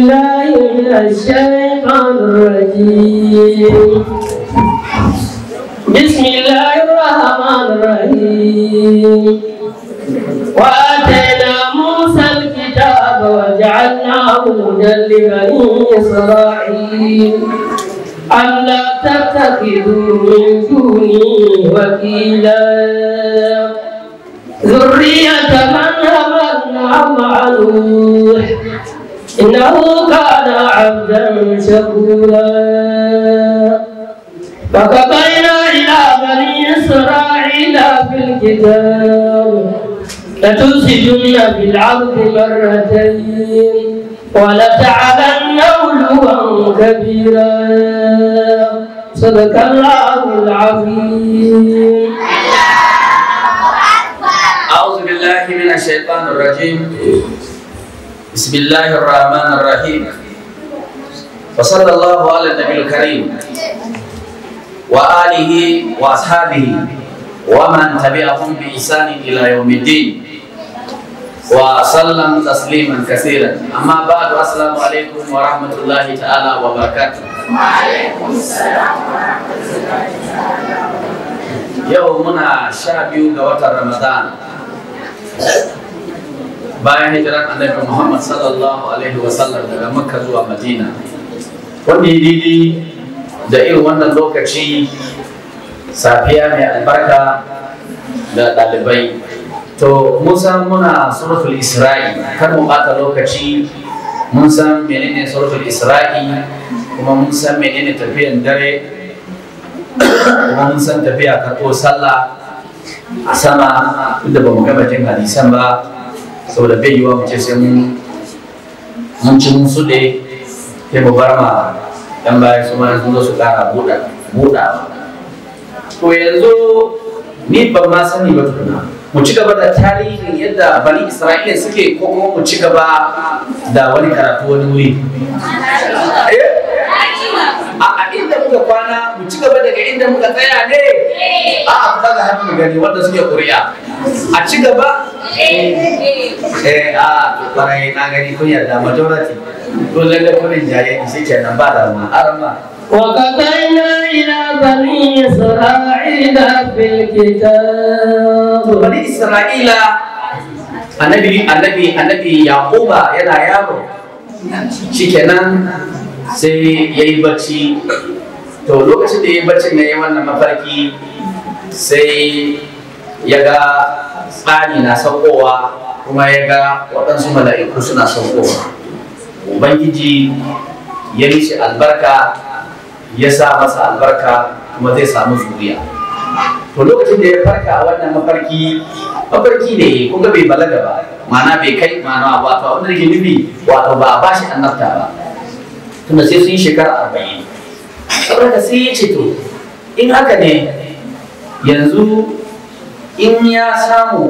الله الشيطان الرجيم بسم الله الرحمن الرحيم وآتينا موسى الكتاب وجعلناه هدى لبني إسرائيل ألا تتخذوا من دوني وكيلا ذرية من أمرنا مع نوح إنه كان عبدا شكورا فقضينا إلى بني إسرائيل في الكتاب لتفسدن في العرض مرتين ولتعلن علوا كبيرا صدق الله العظيم أعوذ بالله من الشيطان الرجيم بسم الله الرحمن الرحيم وصلى الله على النبي الكريم وآله وأصحابه ومن تبعهم بإحسان إلى يوم الدين وسلم تسليما كثيرا أما بعد السلام عليكم ورحمة الله تعالى وبركاته وعليكم السلام ورحمة الله تعالى يومنا شاب يوم رمضان bayan hijirar annabi Muhammad sallallahu alaihi wa sallam daga Makka zuwa Madina wanda didi da irin wannan lokaci safiya mai albarka da ɗalibai to musa muna suratul isra'i kar mu ɓata lokaci mun san menene suratul isra'i kuma mun san menene tafiyan dare kuma mun san tafiya ko sallah a sama inda ba mu gama jin hadisan ba saboda bai yiwa mu ce sai mun mun ci mun suɗe sai mu bar ma dan baya su ma sun zo su ƙara buɗa buɗa to yanzu ni ban ma sani ba tukuna mu ci gaba da tarihin yadda bani isra'ila suke ko kuma mu ci gaba da wani karatu wani wuri eh? inda muka tsaya ne eh. a a kuka ga hannun gani wanda suke kuriya a ci gaba eh, eh a kwanayi na gani kun yarda majority to lalle kurin jaye shi nan ba da ma arama وقضينا إلى بني إسرائيل في الكتاب بني إسرائيل النبي النبي النبي يعقوب يا yaro shikenan سي yayi bacci to lokacin da ya bacci na yi wannan mafarki sai ya ga tsani na saukowa kuma ya ga waɗansu mala'iku suna saukowa ubangiji ya nishi albarka ya sa masa albarka kuma zai samu zuriya to lokacin da ya farka a wannan mafarki mafarki ne kuma bai balaga ba ma'ana bai kai ma'ana wato wanda ke nufi wato ba a bashi annabta ba tunda sai sun yi shekara arba'in saboda sai ya ce to in haka ne yanzu in ya samu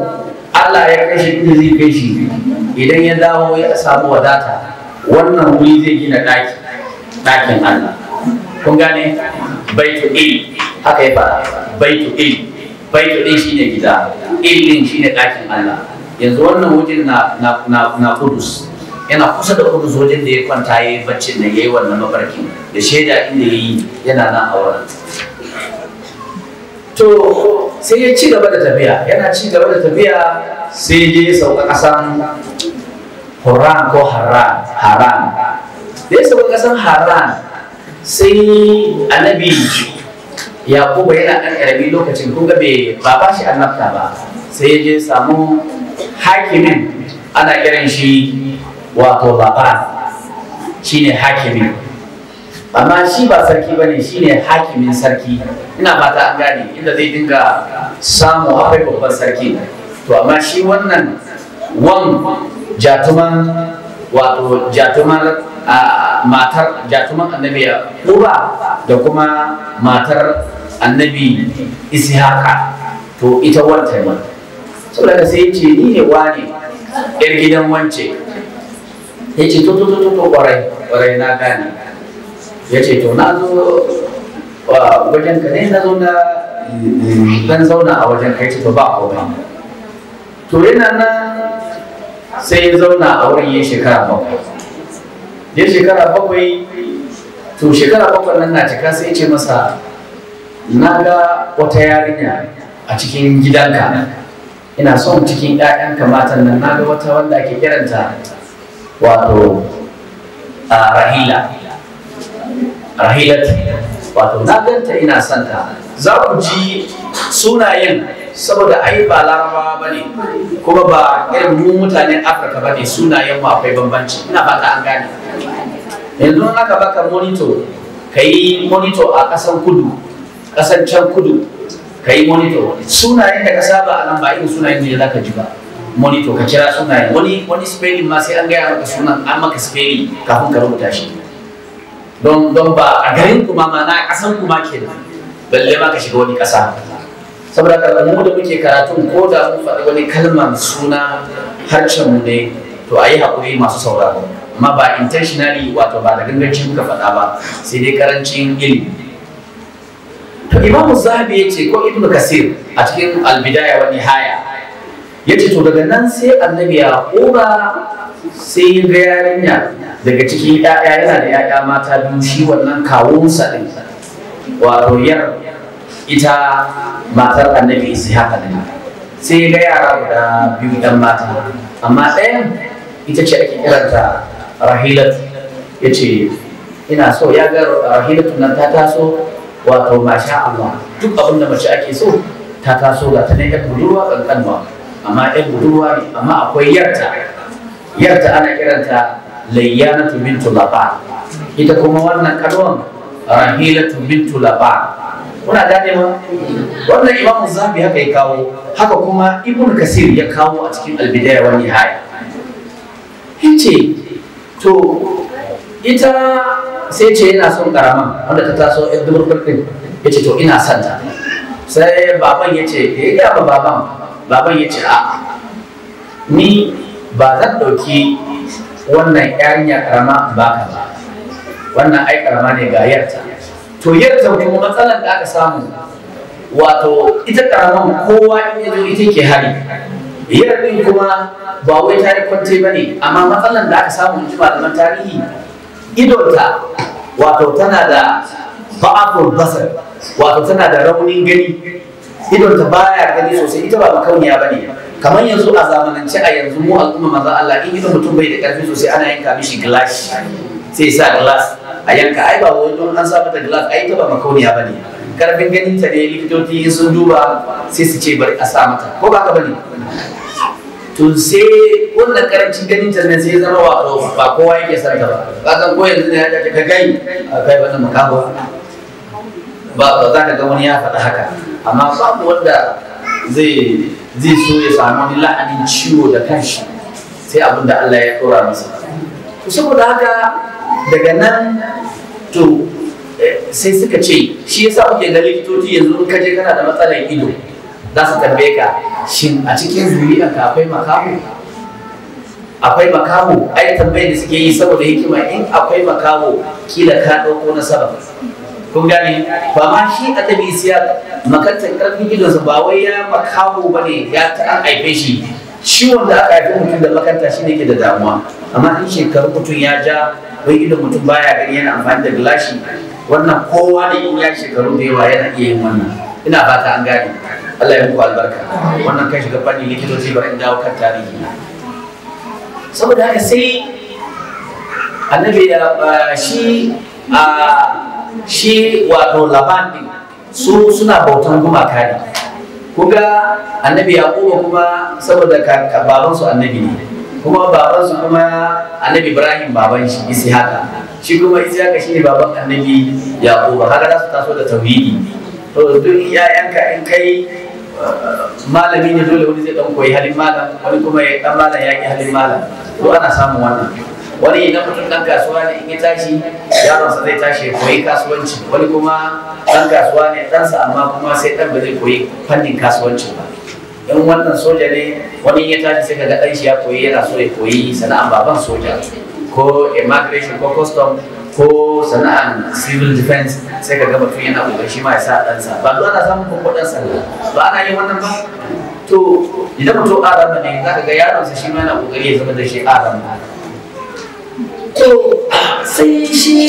Allah ya kashe inda zai kai shi idan ya dawo ya samu wadata wannan wuri zai gina daki ɗakin Allah kun gane baitu a haka ya fara baitu a baitu din shine gida il shi shine ɗakin Allah yanzu wannan wajen na na na kudus yana kusa da wani wajen da ya kwanta ya yi baccin da ya yi wannan mafarki da shaida inda ya yi yana nan a wurin to sai ya ci gaba da tafiya yana ci gaba da tafiya sai ya je sauka ƙasan Horan ko Haran Haran da ya sauka ƙasan Haran sai annabi Yakubu yana ɗan ƙarami lokacin ko bai ba ba shi annabta ba sai ya je samu hakimin ana kiran shi wato baba shine hakimi amma shi ba sarki ba shi shine hakimin sarki ina fata an gane inda zai dinga samu akwai babban sarki to amma shi wannan wan jatuman wato jatuman matar jatuman annabi kuba da kuma matar annabi ishaka to ita wanta ne saboda sai ce ni ne wane yar gidan wance ya ce to to to to kwarai kwarai na gane ya ce to na zo wajen ka ne na zo na dan zauna a wajen ka ya ce to ba komai to yana nan sai ya zauna a wurin ya shekara bakwai ya shekara bakwai to shekara bakwai nan na cika sai ce masa na ga wata yarinya a cikin gidanka ina son cikin 'ya'yanka matan nan na ga wata wanda ake kiranta wato rahila rahilat wato na ganta ina santa za ku ji sunayen saboda ai ba larabawa ba ne kuma ba irin mu mutanen afirka ba ne sunayen ma akwai bambanci ina ba an gane yanzu aka baka monito ka yi monito a ƙasan kudu ƙasan can kudu ka yi monito sunayen da ka saba a nan ba irin sunayen ne za ka ji ba monitor ka kira sunaye wani wani spelling ma sai an gaya maka sunan an maka spelling kafin ka rubuta shi don don ba a garin kuma ma na kasan ke da balle ma ka shiga wani kasa saboda ka mu da muke karatu ko da mun faɗi wani kalmar suna harshen mu ne to ayi hakuri masu sauraro amma ba intentionally wato ba da ganganci ka faɗa ba sai dai karancin ilimi to imamu zahabi ya ce ko ibnu kasir a cikin albidaya wani haya Yace ce to daga nan sai annabi ya ƙoba sai yarinya daga cikin ‘ya'ya yana da ‘ya'ya mata biyu shi wannan kawunsa ɗin wato yar ita matar annabi sai haka ne sai ga yara guda biyu ɗan mata amma ɗayan ita ce ake kiranta rahilat ya ina so ya ga rahilat nan ta taso wato masha Allah duk abin da mace ake so ta taso ga ta ne ta budurwa ƙanƙanwa amma ɗan budurwa ne amma akwai yarta yarta ana kiranta layyanatu bintu laba ita kuma wannan kalwan rahilatu bintu laba kuna gane ma wannan imamu zabi haka ya kawo haka kuma ibn kasir ya kawo a cikin albidaya wani haya yace to ita sai ce yana son karaman wanda ta taso yan dubu ɗin ya to ina son ta sai baban ya ce eh, ya ba baban baban ya ce a ni ba zan ɗauki wannan yarinya karama ba ka ba wannan ai karama ne ga yarta to yarta kuma matsalar da aka samu wato ita karaman kowa in yazo ita ke hari yar din kuma ba wai ta yi kwance ba ne amma matsalar da aka samu in malaman tarihi idonta wato tana da ba'afur basar wato tana da raunin gani idon ta baya gani sosai ita ba makauniya bane kaman yanzu a zamanance a yanzu mu al'umma manzo Allah in idon mutum bai da karfi sosai ana yanka mishi glass sai sa glass a yanka ai ba wai don an sa mata glass ai ta ba makauniya bane karfin ganin ta ne likitoci sun duba sai su ce bari a sa mata ko ba ka bane to sai wannan karancin ganin ta ne sai zama wa ba kowa yake san ta ba ba kan ko yanzu ne ya ta ka gai a kai wannan makawa ba ba za ka ga wani ya faɗa haka amma samu wanda zai zai so ya samu wani la'anin ciwo da kanshi sai abin da Allah ya ɗora masa to saboda haka daga nan to eh, sai suka ce shi yasa kuke ga likitoci yanzu in ka kana da matsalar ido za su tambaye ka shin a cikin zuriya ka akwai makamu akwai makamu ai tambayar da suke yi saboda hikima in akwai makamu kila ka ɗauko nasara. kun gane ba ma shi a tabisi ya makantar karfin gidansa ba wai ya makaho ba ne ya ta an haife shi shi wanda aka haifi mutum da makanta shi ne ke da damuwa amma in shekaru mutum ya ja wai idan mutum baya gani yana amfani da gilashi wannan kowa da in ya shekaru da yawa yana iya yin wannan ina fata an gane Allah ya muku albarka wannan kai shiga fannin likitoci ba in dawo kan tarihi saboda haka sai annabi ya ah, shi a ah, shi wato laban din su suna bautan gumaka ne kuga annabi yaquba kuma saboda baban su annabi ne kuma baban su kuma annabi ibrahim baban shi haka shi kuma shi ne baban annabi yaquba haka za su taso da tauhidi to duk iyayenka in kai uh, malami ne dole wani zai dan koyi halin malam wani kuma ya dan malam ya ki halin malam to ana samun wannan wani idan mutum ɗan kasuwa ne in ya tashi yaronsa zai tashi ya koyi kasuwanci wani kuma ɗan kasuwa ne ɗansa amma kuma sai ɗan ba zai koyi fannin kasuwanci ba in wannan soja ne wani ya tashi sai kaga ɗan shi ya koyi yana so ya koyi sana'a baban soja ko immigration ko custom ko sana'a civil defense sai kaga mutum yana kokarin shi ma ya sa ɗansa ba ana samun kwakwadon sallah ba ana yin wannan ba to idan mutum arama ne za ka ga yaronsa shi ma yana kokari ya zama da shi arama to sai shi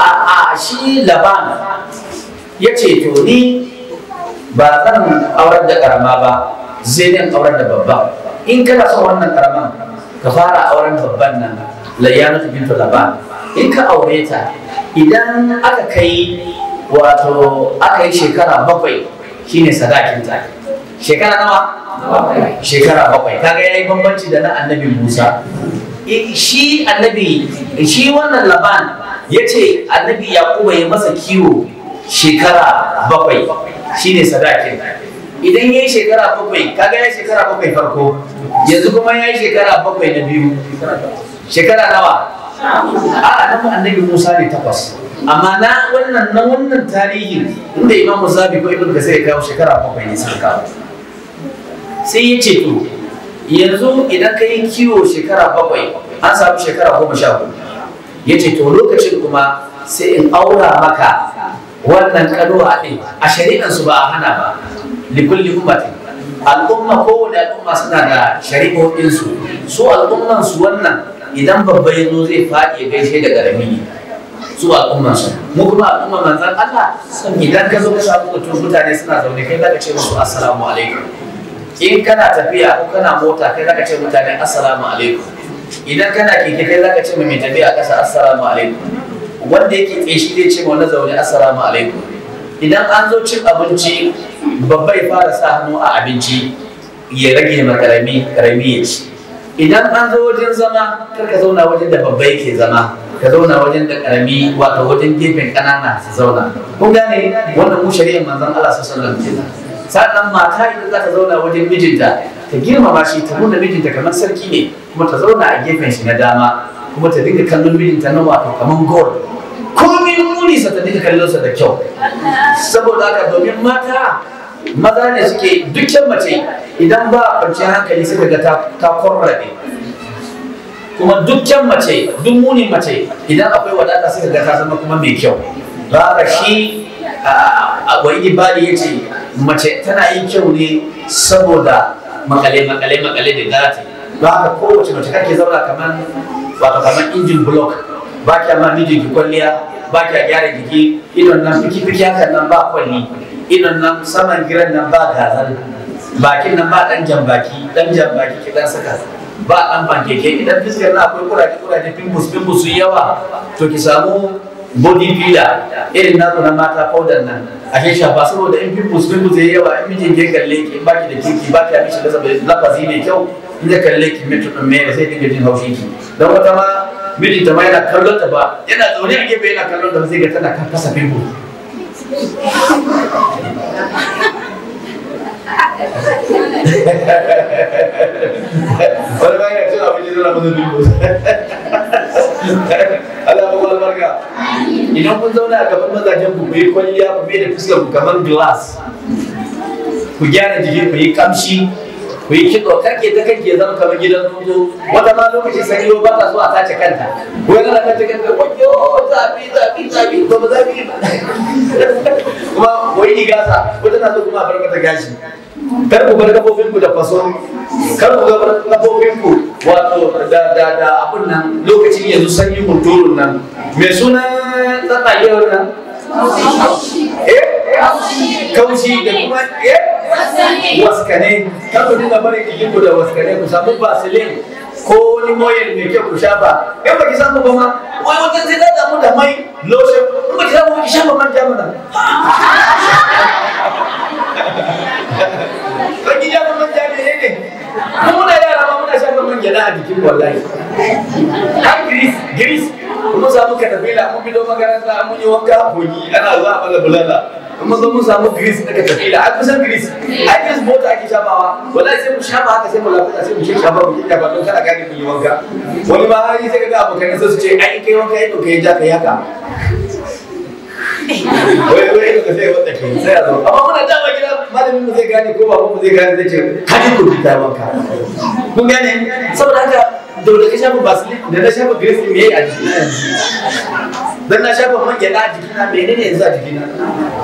a shi laban ya ce to ni ba zan aurar da karama ba zai zan aurar da babba in kana son wannan karama ka fara auren babban nan su bintu laban in ka aure ta idan aka kai wato aka yi shekara bakwai shine sadakinta shekara nawa shekara bakwai kaga yayi bambanci da na annabi Musa Eh, shi annabi shi wannan laban ya ce annabi kuma ya masa kiwo shekara bakwai shine sadakin idan ya yi shekara bakwai kaga ya shekara bakwai farko yanzu kuma ya yi shekara bakwai na biyu shekara nawa a nan annabi musa ne takwas amma na wannan na wannan tarihin inda imamu zabi ko ibn kasir ya kawo shekara bakwai ne suka kawo sai ya ce to yanzu idan ka yi kiwo shekara bakwai an samu shekara goma sha hudu ya ce to lokacin kuma sai in aura maka wannan a ɗin a shari'ansu ba a hana ba likulli ummatin al'umma kowane al'umma suna da shari'o'insu su al'umman su wannan idan babba ya zo zai faɗi ya gaishe da ƙarami ne su al'umman mu kuma al'umma manzan Allah idan ka zo ka samu mutum mutane suna zaune kai za ka ce musu assalamu alaikum in kana tafiya ko kana mota kai zaka ce mutane assalamu alaikum idan kana keke kai zaka ce mai tafiya kasa assalamu alaikum wanda yake kishi zai ce wanda zaune assalamu alaikum idan an zo cin abinci babba ya fara sa hannu a abinci ya rage ma karami karami ya ci idan an zo wajen zama kar ka zauna wajen da babba yake zama ka zauna wajen da karami wato wajen gefen ƙanana su zauna kun gane wannan mu shari'ar manzon Allah sallallahu alaihi wasallam sannan mata idan za ta zauna wajen mijinta ta girmama shi ta nuna mijinta kamar sarki ne kuma ta zauna a gefen shi na dama kuma ta dinga kallon mijinta na wato kamar gold komin muni sa ta dinga kallon sa da kyau saboda haka domin mata maza ne suke dukkan mace idan ba a kwanciyar hankali suka ga ta korrabe kuma dukkan mace duk muni mace idan akwai wadata suka ga ta zama kuma mai kyau ba shi a wani ibali ya ce mace tana yin kyau ne saboda makale makale makale da gati ba haka kowace mace kake zauna kamar wato kamar injin block ba kya ma miji ki kwalliya ba kya gyara jiki idon nan fiki fiki hakan nan ba kwalli idon nan saman giran nan ba gazal bakin nan ba dan jambaki dan jambaki ki dan saka ba dan bankeke idan fiskar na akwai kuraje kuraje pimpus pimpus yawa to ki samu body filler irin naku na mata powder nan a shi shafa saboda in pimples pimples yi yawa in mijin ya kalle ki in baki da kirki ba ki mishi da lafazi mai kyau in ya kalle ki mutum din mai sai dinga jin haushi ki don wata ma mijin ta ma yana kallon ta ba yana zaune a gefe yana kallon ta sai ga tana kan kasa pimple wani ba ya cin abinci zana mazan pimple idan kun zauna a gaban mazajen ku yi kwalliya ku da fuskar ku kamar glass ku gyara jiki, ku yi kamshi ku yi kitso kake ta kake zama kamar gidan tsuntsu wata ma lokacin sanyi ba ta so a sace kanta ko yana da kanta kanta wajo zafi zafi zafi ba ba zafi ba kuma wai ni gasa ko tana so kuma a barkata gashi kar ku bar kafofin ku da faso kar ku bar kafofin ku wato da da da abun nan lokacin yanzu sanyi turun nan me suna tsakiyar nan eh kaushi da kuma eh waskane kar ku dinga barin jikin ku da waskane ku samu vaseline ko wani moyel mai kyau ku shafa in ba ki samu ba ma wai wata sai ta damu da mai lotion in ba samu ba ki shafa man mana Baki ki shafa manja ne ne mu muna yara ma muna shafa man na a jikin wallahi har giris giris kuma samu katafila mun bi don makaranta mun yi wanka kogi ana za a bala bulala in mun zo mun samu grease daga tafila an kusan grease ai grease mota ake shafawa wallahi sai mu shafa haka sai mu lafiya sai mu ce shafa mu kika ba don kada gane mun yi wanka wani ba har sai kaga abokan sai su ce ai kai wanka yadda kai ja kai haka wai wai ka sai wanda ke sai a zo amma muna dama gida malamin mu zai gane ko baban mu zai gane zai ce ka ji ku ta wanka kun gane saboda haka dole ka shafa basilin da na shafa grease me yayi a jiki dan na shafa man gyada jikina menene yanzu a jikina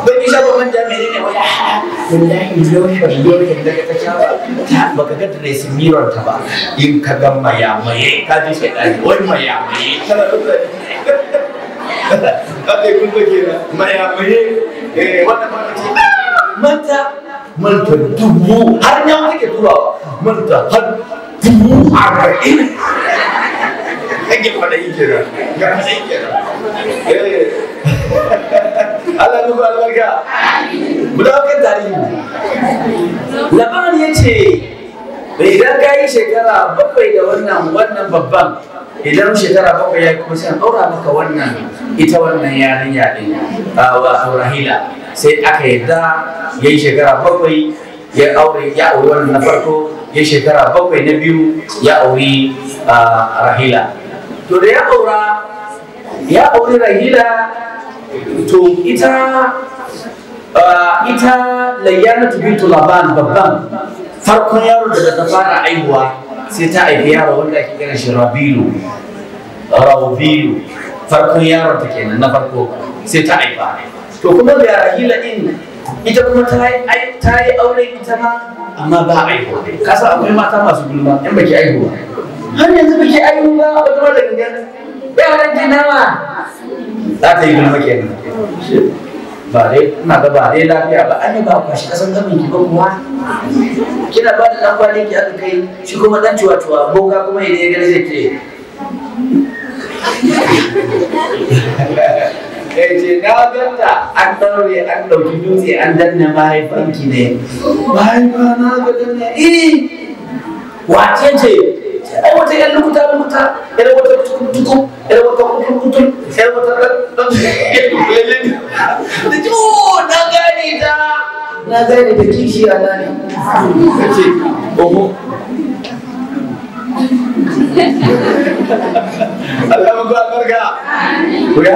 dan ni shafa man gyada menene wai ah, wallahi yau ba yau ne daga ta shafa baka ga dressing mirror ta ba in ka ga maya maye ka ji shedani wai maya maye kana Kata kun ke na maya maye eh wannan ma ce manta manta dubu har nan take turawa manta har dubu arba'in kwaɗayi kenan ga kwaɗayi kenan eh. Allah ya duba albarka mu dawo kan tarihi labarin ya ce da idan ka yi shekara bakwai da wannan wannan babban idan shekara bakwai ya kuma sai ɗaura maka wannan ita wannan yarinya a wa Rahila sai aka yadda ya yi shekara bakwai ya aure ya auri wannan na farko ya shekara bakwai na biyu ya auri ah, rahila to da ya aura ya auri rahila to ita uh, ita layyanatu bintu laban babban farkon yaro da ta fara aihuwa sai ta aiki yaro wanda ake kiran shi rabilu rabilu farkon yaro ta kenan na farko sai ta aihuwa. to kuma da rahila din ita kuma ta yi aure ita ma amma ba aihuwa kasa akwai mata masu gulma 'yan baki aihuwa har yanzu biki ayyuka ba ba zama da gangan yaran ki nawa za ta yi gulma kenan ba dai ina ga ba dai lafiya ba an ba ku shi kasan gamin ki ba kuwa kina ba da dan kwanin ki aka kai shi kuma dan ciwa ciwa boka kuma ne ya gani zai ce ya eh, ce na ganta an daure an dauki dutse an danna mahaifanki ne mahaifa na ga danna eh wace ce ai wata yan lukuta lukuta yar wata tukutuku yar wata kutukutul yar wata dan da ji na gane ta na gani da kishi a na ne ce oho Allah muku albarka ku yi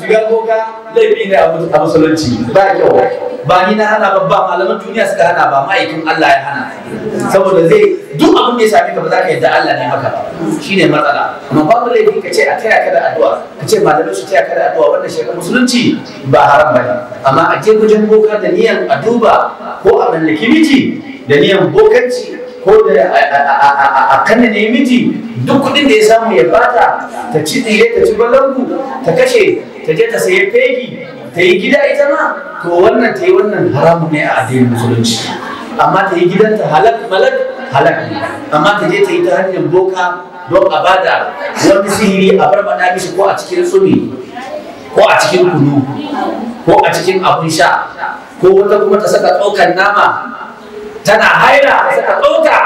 shiga boka laifi ne a musulunci ba kyau ba ni na hana ba ba malaman duniya suka hana ba ma'aikin Allah ya hana saboda zai duk abin da ya shafi ka ba za ka yadda Allah ne maka ba shine matsala amma babu laifi ka ce a taya ka da addu'a ka ce malamai su taya ka da addu'a wannan shekar musulunci ba haram ba ne amma a je wajen boka da niyan a duba ko a mallaki miji da niyan bokanci ko da a kanna ne miji duk kudin da ya samu ya bata ta ci tsire ta ci balangu ta kashe ta je ta sayi fegi ta yi gida ita ma to wannan ta yi wannan haramun ne a addinin musulunci amma ta yi gidanta halak malak halak amma ta je ta yi ta hanyar boka don a bada wani sihiri a bar bada mishi ko a cikin tsumi ko a cikin kunu ko a cikin abun sha ko wata kuma ta saka tsokan nama tana haira ta saka tsoka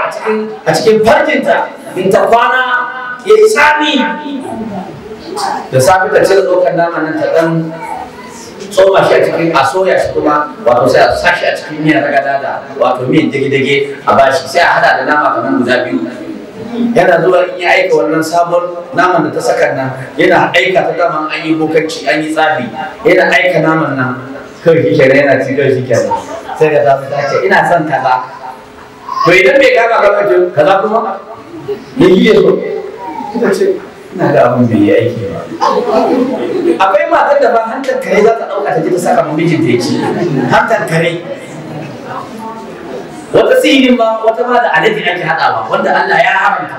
a cikin farkinta in ta kwana ya sami da safe ta cire tsokan nama nan ta dan tsoma shi a cikin a soya shi kuma wato sai a sashi a cikin miyan ragada da wato miyan dage-dage a bashi sai a hada da nama kamar guda biyu yana zuwa in ya aika wannan sabon naman da ta saka nan yana aika ta daman an yi bokanci an yi tsafi yana aika naman nan kawai shi kenan yana ci kawai shi kenan sai ka zafi ta ce ina son kaza to idan bai gaba ka kaza kuma ya yi ya so ina da abin bai yi aiki ba akwai matar da ba hantar kare za ta ɗauka ta ji ta saka mu mijin da yake hantar kare wata sihirin ba wata ba da alade ake haɗawa wanda Allah ya haramta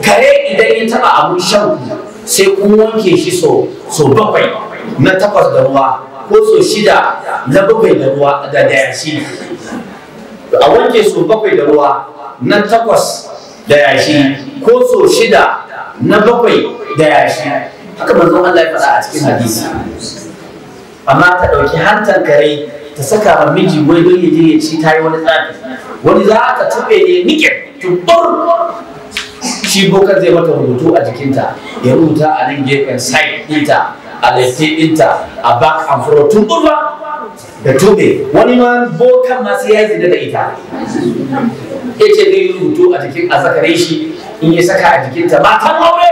kare idan ya taɓa abun shauki sai kun wanke shi so so bakwai na takwas da ruwa ko so shida na bakwai da ruwa da da yashi a wanke so bakwai da ruwa na takwas da yashi ko so shida na bakwai da yashi haka manzon Allah ya faɗa a cikin hadisi amma ta ɗauki hantar kare ta saka ma miji wai don ya je ya ci ta yi wani tsafi wani za ka tube ne nike tubbur shi bokan zai mata rubutu a jikinta ya rubuta a nan gefen side ɗinta a left ɗinta a back and front da tube wani ma bokan masu ya yi da ita ya ce zai rubutu a jikin azakare shi in ya saka a jikinta matan aure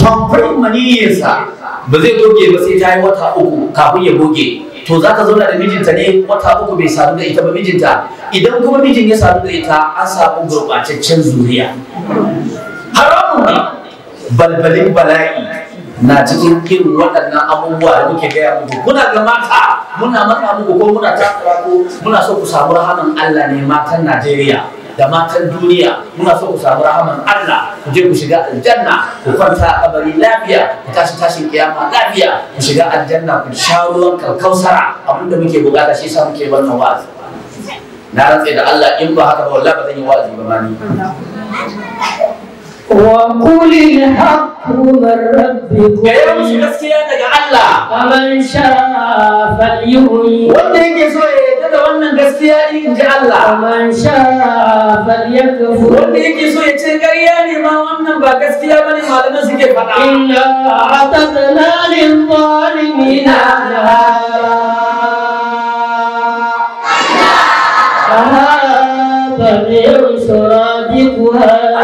tamfarin maniyyarsa ba zai goge ba sai ta yi wata uku kafin ya goge to za ka zauna da mijinta ne wata uku bai sadu da ita ba mijinta idan kuma mijin ya sadu da ita an samu gurɓataccen zuriya haramun ne balbalin bala'i na cikin kirin waɗannan abubuwa da muke gaya muku kuna ga mata muna mata muku ko muna takura ko muna so ku samu rahaman Allah ne matan Najeriya da matan duniya muna so ku samu rahaman Allah ku je ku shiga aljanna ku kwanta a kabari lafiya ku tashi tashin kiyama lafiya ku shiga aljanna ku sha ruwan kalkausara da muke bukata shi sa muke wannan wa'azi na rantse da Allah in ba haka ba wallahi ba zan yi wa'azi ba ma ni وقل الحق من ربكم يا مش gaskiya daga Allah faman sha'a falyu'min wanda yake so ya yarda da wannan gaskiya din ji Allah faman sha'a falyakfur wanda yake so ya ce ƙarya ne wannan ba gaskiya bane malaman suke faɗa inna atatna lil zalimina nahara Allah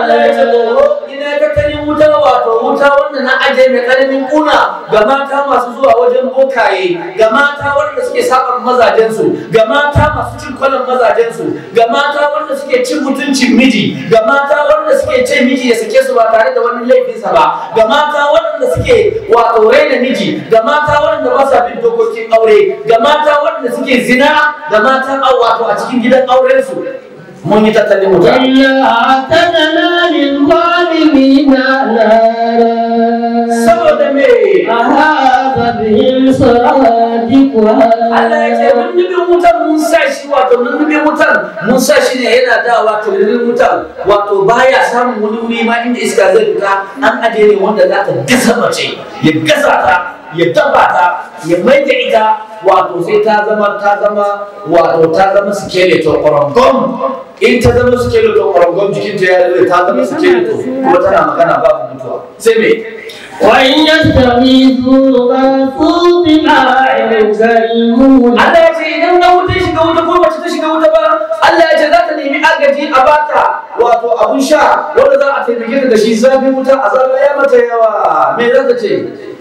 Ina ya tsaro ina tattalin wuta wato wuta wanda na aje mai karamin kuna ga mata masu zuwa wajen bokaye ga mata wanda suke saban mazajensu ga mata masu cin kwalan mazajensu ga mata wanda suke cin mutuncin miji ga mata wanda suke ce miji ya sake su ba tare da wani laifinsa ba ga mata wanda suke wato raina miji ga mata wanda ba sa bin dokokin aure ga mata wanda suke zina ga mata wato a cikin gidan aurensu mun yi tattalin wuta ta saboda me a Allah ya ce mun nufin wutar mun sa shi wato mun nufin wutar mun sa shi ne yana da wato nufin wutar wato baya samun wani wuri ma inda iska zai fita an ajiye ne wanda za ta gasa mace ya gasa ta ya tabbata ya mai da ita wato sai ta zama ta zama wato ta zama skeleton korongon. in ta zama skeleton jikin jikinta ya rage ta zama skeleton kuma tana magana ba ku mutuwa sai me وإن يستغيثوا غاثوا بماء كالمهل Allah ya ce idan na wuce shiga wuta ko mace ta shiga wuta ba Allah ya ce za ta nemi agaji a bata wato abun sha wanda za a taimake ta da shi zafin wuta a zama ya mata yawa me za ta ce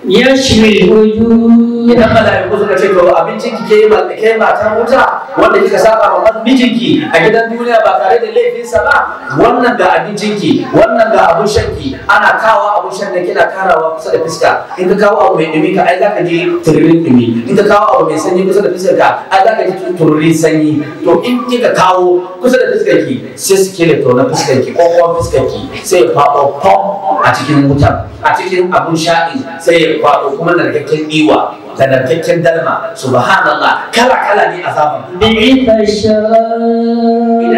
yashmi wujuh dan malaiku suka ce to abincin ki ke ma ke matan wuta wanda kika saba ma ki? a gidan duniya ba tare da laifinsa ba wannan ga abincin ki wannan ga abun shan ki ana kawo abun shan da kina karawa kusa da fiska in ka kawo abu mai dumi ka ai ka je tururin dumi in ka kawo abu mai sanyi kusa da fiskar ka ai ka je tururin sanyi to in kika kawo kusa da fiskar ki sai su kele to na fiskar ki ko kuma fiskar ki sai ya faɗo pom a cikin wutar a cikin abun sha'i sai ya faɗo kuma narkakken iwa da narkakken dalma subhanallah kala kala ne azaban idan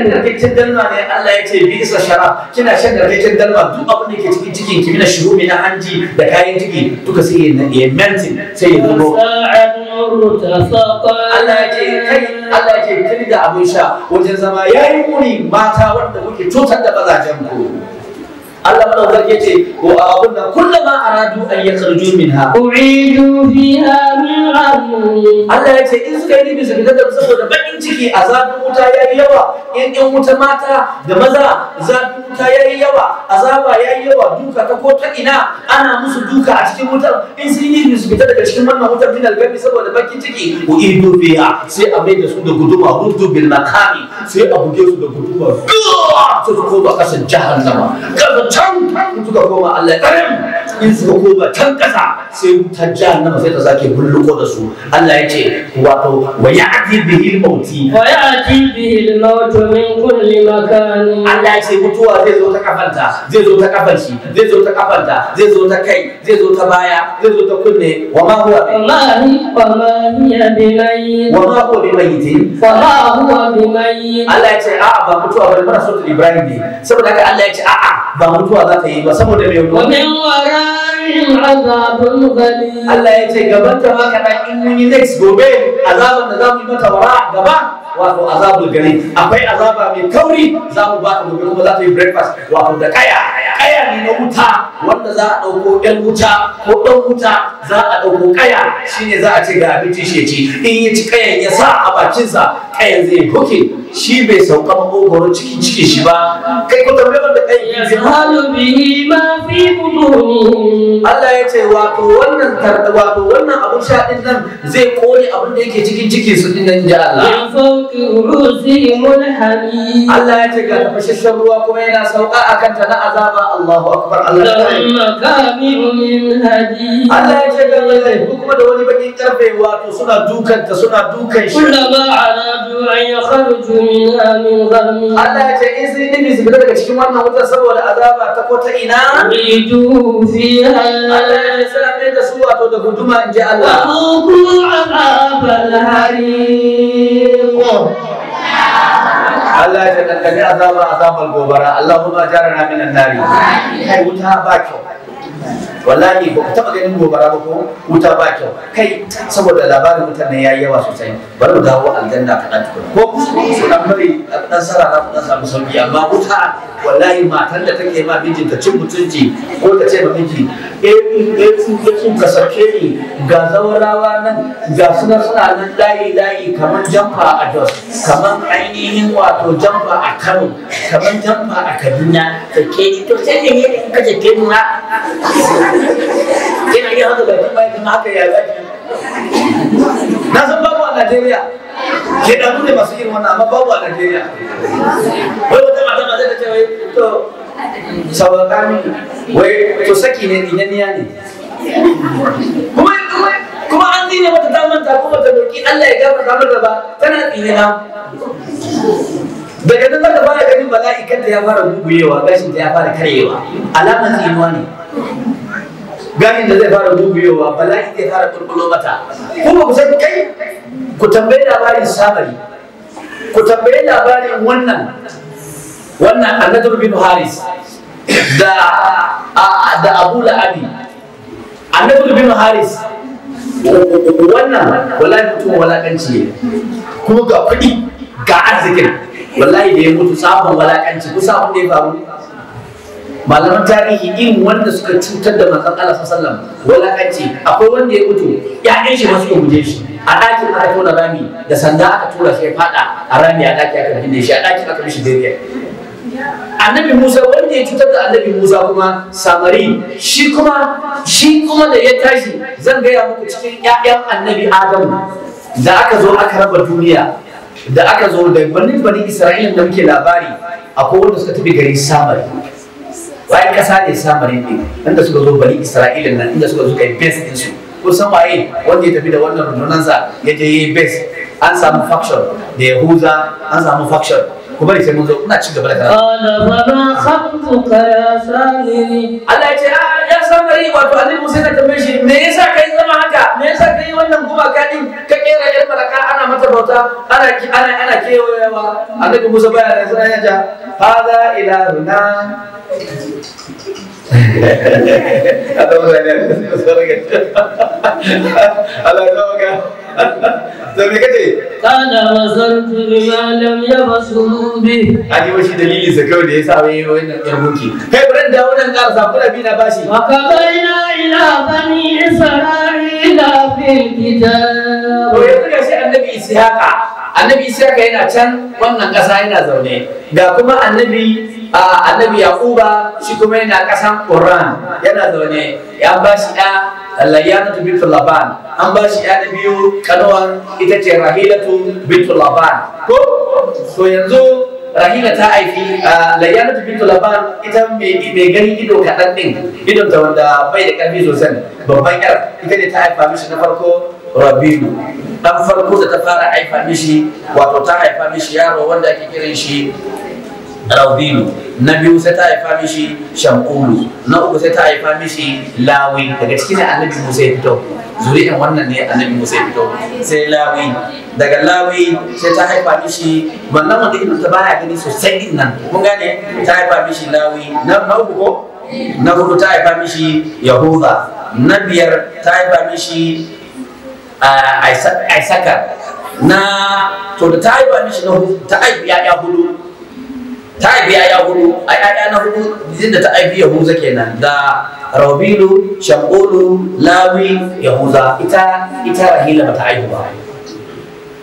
narkakken dalma ne Allah ya ce bi isa shara kina shan narkakken dalma duk abin da ke cikin cikin ki mina shiru na hanji da kayan ciki duka sai ya melting sai ya zubo Allah ya ce kai Allah ya ce kai da abun sha wajen zama yayi muni mata wanda kuke cutar da mazajen ku Allah madaukar ya ce ko a abun da kullum ma aradu an ya karju min ha. fiha min Allah ya ce in suka yi nufi su fita da saboda bakin ciki a zafin wuta ya yi yawa in wuta mata da maza zafin wuta ya yi yawa azaba ya yi yawa duka ta ko ta ina ana musu duka a cikin wutar in sun yi nufi su fita daga cikin wannan wutar min algabi saboda bakin ciki u'idu fiha sai a mai da su da guduma rudu bil makami sai a buge su da guduma sai su koma kasan jahannama. can in suka koma Allah karim in suka koma can ƙasa sai wutar jahannama sai ta sake bulluko da su Allah ya ce wato wa ya'ti bihi al-mauti wa ya'ti bihi al-maut min kulli makan Allah ya ce mutuwa zai zo ta kafanta zai zo ta kafanci zai zo ta kafanta zai zo ta kai zai zo ta baya zai zo ta kunne wa ma huwa bi ma hi wa ma hiya bi mayyit wa ma huwa bi mayyit wa ma huwa bi mayyit Allah ya ce a'a ba mutuwa bane mara sautin ta Ibrahim ne saboda haka Allah ya ce a'a ba mutuwa za ta yi ba saboda mai Allah ya ce gaban ta ba kana in mun yi next gobe Azabar da za mu yi mata wara gaba wato azabul gari akwai azaba mai kauri za mu ba ta gobe kuma za ta yi breakfast wato da kaya kaya ne na wuta wanda za a ɗauko ɗan wuta ko ɗan wuta za a ɗauko kaya shine za a ce ga abinci shi ci in ya ci kayan ya sa a bakinsa kayan zai koke shi bai sauka makogoro ciki ciki shi ba kai ko gaban da kai yazhalu bihi ma fi budunihim Allah ya ce wato wannan wato wannan abun sha din nan zai kone abin da yake cikin ciki su din nan ya Allah ya fawqi mun hamim Allah ya ce ga tafashashen ruwa kuma yana sauka akan ta na azaba Allahu akbar Allah ya Allah ya ce ga malai kuma da wani bakin karfe wato suna dukanta suna dukan shi kullama ala du'a yakhruju minha min ghammi Allah ya ce in sun yi daga cikin wannan wuta saboda azaba ta kota ina ridu fiha Allah ya sara mai da su wato da guduma in ji Allah wa ku azabal hariq Allah ya dangane azaba azabal gobara Allahumma jarana minan nari kai wuta ba kyau wallahi ba ku taba ganin gobara ba ko wuta ba kyau kai saboda labarin mutane ya yayi yawa sosai bari mu dawo aljanna kaɗan tukun ko su dan bari dan sara na dan samu sauki amma wuta wallahi matan da take ma ta cin mutunci ko ta ce ma miji eh eh sun ka sake ni ga zaurawa nan ga suna suna nan layi layi kamar jamfa a Jos kamar ainihin wato jamfa a Kano kamar jamfa a Kaduna sake ni to sai ne ka sake ni yana iya haka bakin baya kuma haka ya zaki na san babu a najeriya ke ɗaru ne masu yin wannan amma babu a najeriya wai wata mata ba zai ta ce wai to sauƙaƙa wai to saki ne ni, ne kuma kuma an dina mata ta manta kuma ta doki Allah ya gafarta mata ba tana tsinina daga nan zaka fara ganin bala'i kanta ya fara buguyewa gashin ta ya fara karyewa alamar tsinuwa ne Gani da zai fara dubiyowa bala'i zai fara turbulo mata kuma ku san kai ku tambayi labarin sabari ku tambayi labarin wannan wannan annabi bin haris da da abu la'abi annabi bin haris wannan wallahi mutum walakanci ne kuma ga kuɗi ga arzikin wallahi da ya mutu sabon walakanci kusa sabon da ya faru malaman tarihi irin wanda suka cutar da manzon Allah sallallahu alaihi walakanci akwai wanda ya mutu ƴaƴan shi masu guje shi a ɗakin aka tona rami da sanda aka tura shi ya faɗa a rami a ɗaki aka binne shi a ɗakin aka mishi daidai annabi Musa wanda ya cutar da annabi Musa kuma samari shi kuma shi kuma da ya tashi zan gaya muku cikin ƴaƴan annabi Adamu da aka zo aka raba duniya da aka zo da bani bani Isra'ila da muke labari akwai wanda suka tafi garin samari bayan kasa ne samari ne inda suka zo bari isra'ila nan inda suka zo kai base din su san waye wanda ya tafi da wannan rundunansa ya je yi base an samu faction da yahuza an samu faction ku bari sai mun zo ina ci gaba da karatu qala wa ma khattuka ya samiri Allah ya ce ah, ya samiri wato annabi Musa ya tambaye shi me yasa kai zama haka me yasa kai wannan gumaka din ka kera yar malaka ana mata bauta ana ana ana kewayewa annabi Musa baya da sai ya ce hada ilahuna Allah ya tawaka to me kace kana wazantu bima lam yabsuru bi ani washi dalili sa kawai da yasa wai wannan yar gunki da wannan ƙara sa kuna bi na bashi wa ka baina ila bani isra'ila annabi annabi yana can wannan ƙasa yana zaune ga kuma annabi annabi yaquba shi kuma yana ƙasan qur'an yana zaune ya bashi da layyana bintu laban an ba shi yana biyu kanuwar ita ce rahilatu bintu laban ko so yanzu rahila ta haifi layyana bintu laban ita mai gani ido kaɗan ɗin Ido ta wanda bai da ƙarfi sosai babban yar ita ne ta haifa mishi na farko rabiu dan farko da ta fara haifa mishi wato ta haifa mishi yaro wanda ake kiran shi rabilu na biyu sai ta haifa mishi shankulu na uku sai ta haifa mishi lawi daga cikin ne annabi musa ya fito zuri'in wannan ne annabi musa ya fito sai lawi daga lawi sai ta haifa mishi wannan wanda ina ta baya gani sosai din nan kun gane ta haifa mishi lawi na uku ko na uku ta haifa mishi yahuda na biyar ta haifa mishi ah, aisaka na to da ta haifa mishi na ta haifi ya hudu ta haifi ya hudu a yaya na hudu jin da ta haifi yahuza kenan da rabilu shaqulu lawi yahuza ita ita rahila bata haihu ba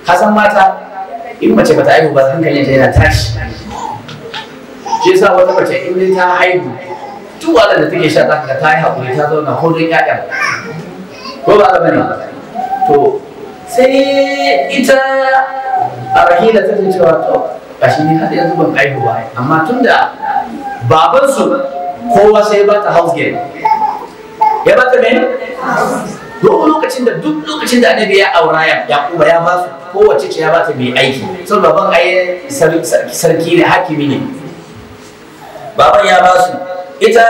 kasan mata in mace bata haihu ba hankalinta yana tashi shi yasa wata mace in ta haihu duk wanda da take sha zaka ta yi hakuri ta zauna ko don ƴaƴan ko ba ba ne to sai ita a rahila ta ce cewa to gashi ni har yanzu ban kai ba amma tunda su, kowa sai ba ta house game ya ba ta mai duk lokacin da duk lokacin da annabi ya aura ya yakuba ya ba su kowace ce ya ba ta mai aiki sau baban ai sarki ne hakimi ne baban ya ba su ita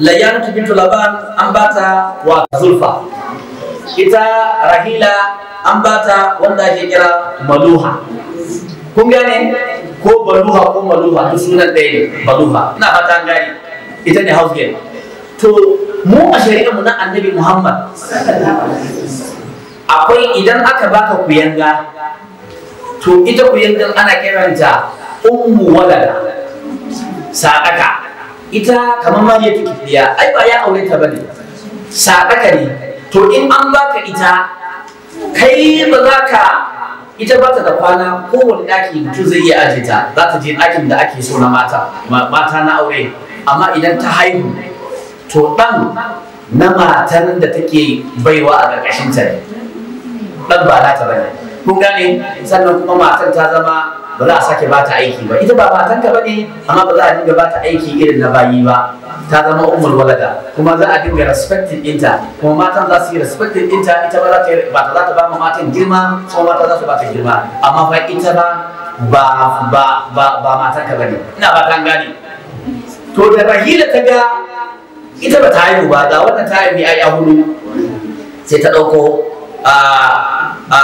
layyana bintu laban an ba ta wa zulfa ita rahila an ba ta wanda ake kira maluha kun gane ko baluha ko maluha duk sunan ɗaya ne baluha ina fata an gane ita ne house game to mu a shari'a mu na annabi muhammad akwai idan aka baka kuyanga to ita kuyanga ana kiranta ummu walada sadaka ita kamar ma mariya tukkiya ai ba ya aure ta bane sadaka ne to in an baka ita kai ba za ka ita ba ta da kwana kowane ɗaki mutum zai iya aje ta za ta je ɗakin da ake so na mata mata na aure amma idan ta haihu to ɗan na matan da take baiwa a ƙarƙashin ta ne ɗan ba za ba ne kun gane sannan kuma matan ta zama ba za a sake ba ta aiki ba ita ba matanka ba ne amma ba za a dinga ba ta aiki irin na bayi ba ta zama umar walada kuma za a dinga respecting inta. kuma matan za su yi respecting inta. ita ba za ta ba za ta ba ma matan girma kuma mata za su ba ta girma amma fa ita ba ba ba ba ba matanka ba ne ina ba kan gane to da rahila ta ga ita ba ta haihu ba ga wannan ta haihu a hudu sai ta ɗauko a a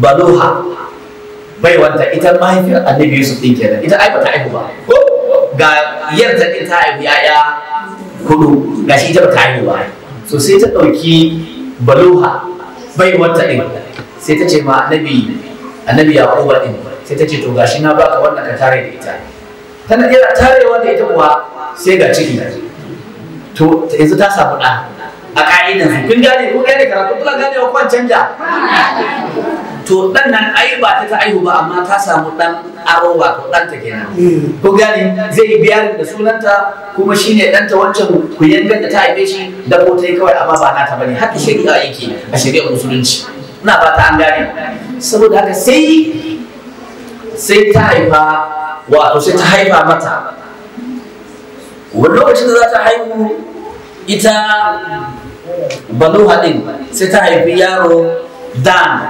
baluha baiwanta ita mahaifiyar annabi yusuf din kenan ita ai bata haihu ba ga yarda din ta haihu yaya kudu ga shi ita bata haihu ba so sai ta ɗauki baluha baiwanta din sai ta ce ma annabi annabi yaquba din sai ta ce to gashi na baka wannan ka tare da ita tana iya tarewa da ita kuwa sai ga ciki to yanzu ta samu da a ka'idan kun gane kun gane karatu kuna gane wa kwan canja to dan nan ai ba ta ta aihu ba amma ta samu dan aro ba ko dan ta kenan ko gani zai biya da sunanta kuma shine dan ta wancan ku yanga da ta haife shi da ko ta kawai amma ba nata bane haka shari'a yake a shari'ar musulunci ina ba ta an gane saboda haka sai sai ta haifa wato sai ta haifa mata wani lokacin da za ta haihu ita baluha din sai ta haifi yaro dan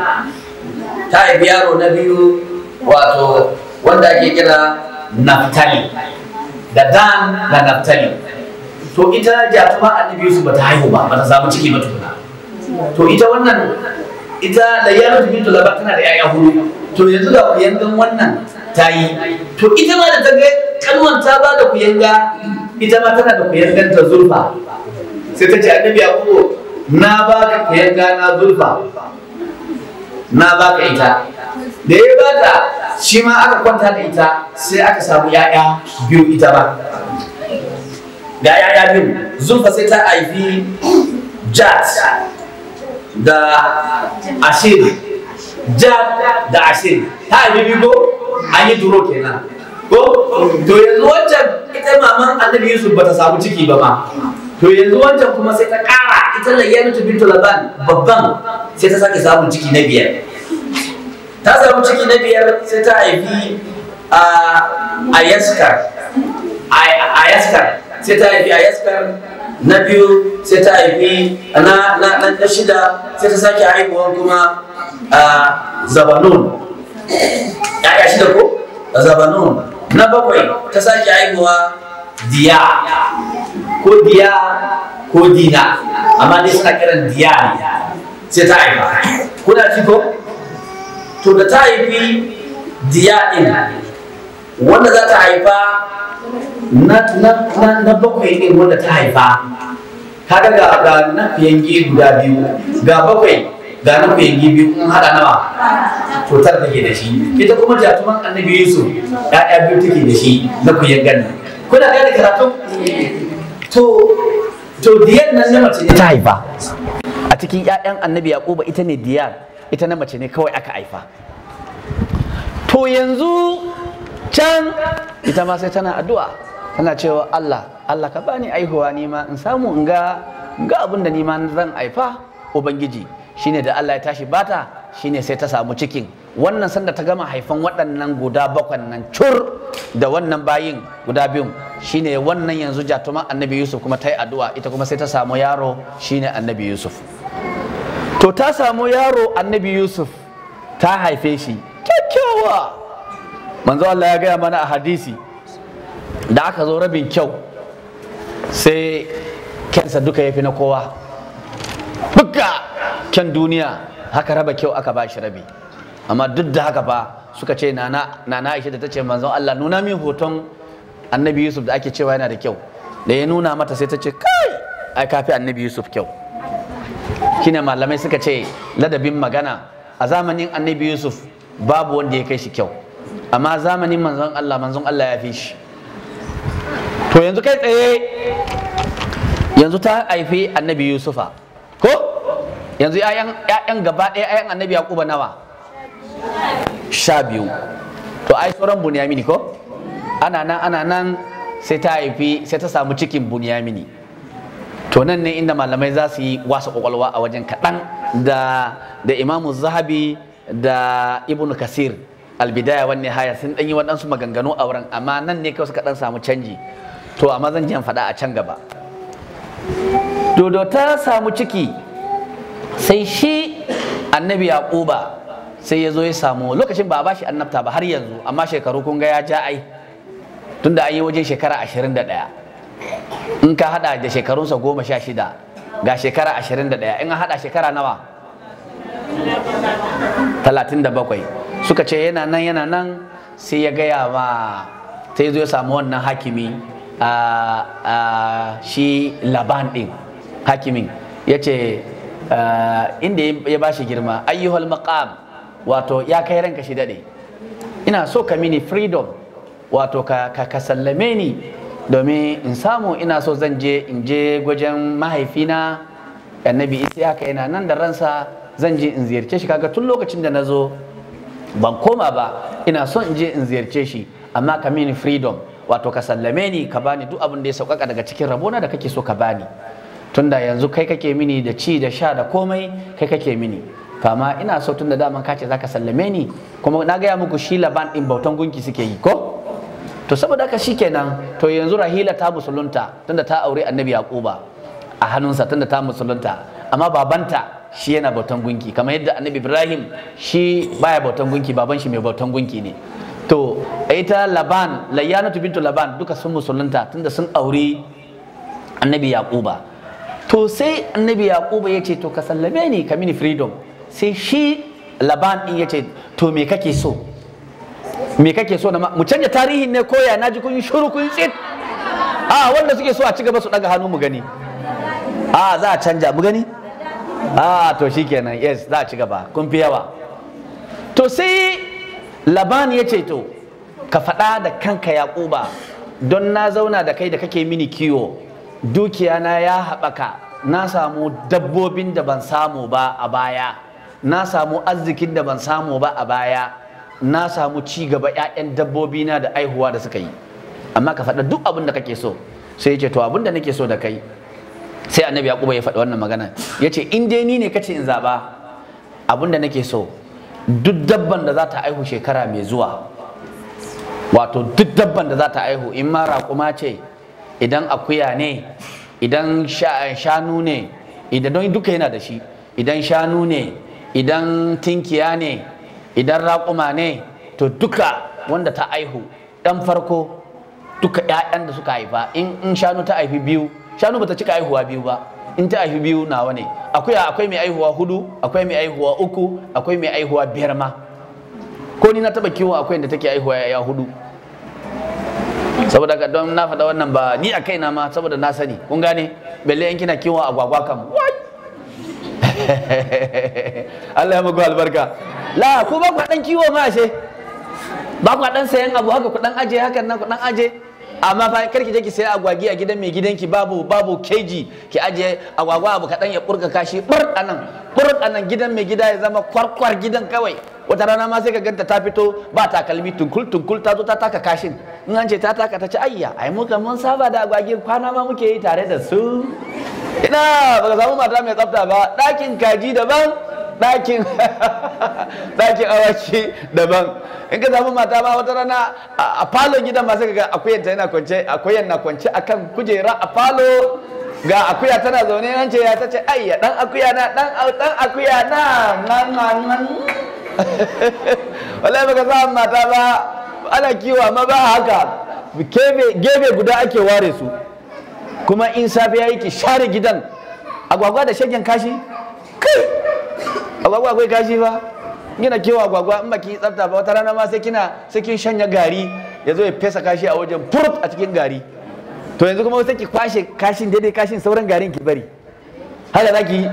ta haifi yaro na biyu wato wanda ake kira naftali da dan da naftali to ita jatuma su ba bata haihu ba bata samu ciki ba tukuna to ita wannan ita da yaro bintu laba tana da yaya hudu to yanzu ga kuyangan wannan ta yi to ita ma da ta ga kanwan ta ba da kuyanga ita ma tana da kuyangan ta zurfa sai ta ce annabi yakubu na ba da kuyanga na zurfa na baka ita da ya bata shi ma aka kwanta da ita sai aka samu ya'ya biyu ita ba ga ya'ya biyu zulfa sai ta haifi jat da ashir jat da ashir ta haifi biyu ko an yi duro kenan ko to yanzu wancan ita maman annabi yusuf bata samu ciki ba ma to yanzu wancan kuma sai ta ƙara ita layyanatu bintu laban babban sai ta sake samun ciki na biyar ta samu ciki na biyar sai ta haifi a yaskar a sai ta haifi a na biyu sai ta haifi na na shida sai ta sake haihuwa kuma a zabanun ya shida ko zabanun na bakwai ta sake haihuwa diya ko diya ko dina amma dai suna kiran diya ne sai ta haifa kuna ci ko to da ta haifi diya din wanda za ta haifa na bakwai din wanda ta haifa kaga ga ga nafiyan gi guda biyu ga bakwai ga nafiyan gi biyu kun haɗa nawa to tar take da shi ita kuma jatuman annabi yusuf ya'ya biyu take da shi na kuyan gani kuna gane karatu to to diyar nan na mace ne ta haifa a cikin ƴaƴan annabi yaquba ita ne diyar ita na mace ne kawai aka haifa to yanzu can ita ma sai tana addu'a tana cewa Allah Allah ka bani aihuwa ni ma in samu in ga ga abin da nima zan haifa ubangiji shine da Allah ya tashi bata shine sai ta samu cikin wannan sanda ta gama haifan waɗannan guda bakwai nan cur da wannan bayin guda biyun shine wannan yanzu jatuma annabi yusuf kuma ta yi addu'a ita kuma sai ta samu yaro shine annabi yusuf to ta samu yaro annabi yusuf ta haife shi kyakkyawa manzo Allah ya gaya mana a hadisi da aka zo rabin kyau sai kyansa duka ya fi na kowa buga kyan duniya haka raba kyau aka ba shi rabi amma duk da haka fa suka ce nana nana Aisha da ce manzon Allah nuna min hoton Annabi Yusuf da ake cewa yana da kyau da ya nuna mata sai ta ce kai ai kafi Annabi Yusuf kyau kina malamai suka ce ladabin magana a zamanin Annabi Yusuf babu wanda ya kai shi kyau amma zamanin manzon Allah manzon Allah ya fi shi to yanzu kai tsaye yanzu ta haifi Annabi Yusufa ko yanzu 'ya'yan gaba ɗaya 'ya'yan Annabi Yakuba nawa sha biyu to ai sauran bunyamini ko ana nan ana nan sai ta haifi sai ta samu cikin bunyamini to nan ne inda malamai za su yi wasa kwakwalwa a wajen kaɗan da da imamu zahabi da ibnu kasir albidaya wani haya sun ɗan yi waɗansu maganganu a wurin amma nan ne kawai suka ɗan samu canji to amma zan jan faɗa a can gaba dodo ta samu ciki sai shi annabi ya ƙuba. sai ya zo ya samu lokacin ba a bashi annabta ba har yanzu amma shekaru kun ga ya ja ai tunda an yi wajen shekara ashirin da ɗaya in ka hada da shekarunsa goma sha shida ga shekara ashirin da in an hada shekara nawa talatin suka ce yana nan yana nan sai ya gaya ma sai zo ya samu wannan hakimi a shi laban ɗin hakimin ya ce inda ya ba shi girma ayyuhal maqam wato ya kai ranka shi daɗe ina so ka mini freedom wato ka, sallame ni domin in samu ina so zan je in je gwajen mahaifina annabi isa haka yana nan da ransa zan je in ziyarce shi kaga tun lokacin da na zo ban koma ba ina so in je in ziyarce shi amma ka mini freedom wato ka sallame ni ka bani duk abin da ya sauƙaƙa daga cikin rabona da kake so ka bani tunda yanzu kai kake mini da ci da sha da komai kai kake mini to amma ina so tun da daman kace zaka sallame ni kuma na gaya muku shi laban din bautan gunki suke yi ko to saboda haka shikenan to yanzu rahila ta musulunta tunda ta aure annabi yaquba a hannunsa tunda ta musulunta amma babanta shi yana bautan gunki kamar yadda annabi ibrahim shi baya bautan gunki baban shi mai bautan gunki ne to ita laban layyanatu bintu laban duka sun musulunta tunda sun aure annabi yaquba to sai annabi yaquba ya ce to ka sallame ni ka mini freedom sai shi laban in ya ce to me kake so me kake so na mu canja tarihin ne koya na ji kun shuru kun tsit a wanda suke so a ci gaba su daga hannu mu gani a za a canja mu gani a to shikenan yes za a ci gaba kun fi yawa to sai laban ya ce to ka faɗa da kanka yaƙuba don na zauna da kai da kake mini kiwo dukiya na ya haɓaka na samu dabbobin da ban samu ba a baya na samu arzikin da ban samu ba a baya na samu ci gaba 'ya'yan dabbobi na da aihuwa da suka yi amma ka faɗa duk abin da kake so sai ya ce to abin da nake so da kai sai annabi yaquba ya faɗi wannan magana ya ce in dai ni ne kace in zaba abin da nake so duk dabban da za ta aihu shekara mai zuwa wato duk dabban da za ta aihu in ma raƙuma ce idan akuya ne idan shanu ne idan duka yana da shi idan shanu ne idan tinkiya ne idan raƙuma ne to duka wanda ta aihu ɗan farko duka 'ya'yan da suka haifa in shanu ta haifi biyu shanu bata cika aihuwa biyu ba in ta aihu biyu nawa ne akwai akwai mai aihuwa hudu akwai mai aihuwa uku akwai mai aihuwa biyar ma ko ni na taba kiwo akwai da take aihuwa ya hudu saboda don na faɗa wannan ba ni a kaina ma saboda na sani kun gane balle in kina kiwo agwagwa kam Allah ya muku albarka la ku ba ku dan kiwo ma ashe ba ku dan sayan abu haka ku dan aje hakan nan ku dan aje amma fa karki je ki sayi agwagi a gidan mai gidanki babu babu keji ki aje agwagwa abu kaɗan ya burka kashi bur anan bur anan gidan mai gida ya zama kwarkwar gidan kawai wata rana ma sai ka ganta ta fito ba takalmi tunkul tunkul ta zo ta taka kashin in an ce ta taka ta ci ayya ai kan mun saba da agwagi kwana ma muke yi tare da su ina ka samu mata mai tsafta ba ɗakin kaji daban ɗakin ɗakin awaki daban in ka samu mata ba wata rana a falon gidan masu sai akuyan ta yana kwance akuyan na kwance akan kujera a falo ga akuya tana zaune nan ce ya ta ce ayya dan akuya na dan dan akuya na nan nan nan wallahi baka samu mata ba ana kiwo amma ba haka gefe guda ake ware su kuma in safe ya yi ki share gidan agwagwa da shagen kashi kai agwagwa akwai kashi ba gina kewa agwagwa in baki tsafta ba wata rana ma sai kina sai kin shanya gari ya zo ya fesa kashi a wajen furut a cikin gari to yanzu kuma sai ki kwashe kashin daidai kashin sauran garin ki bari haka zaki yi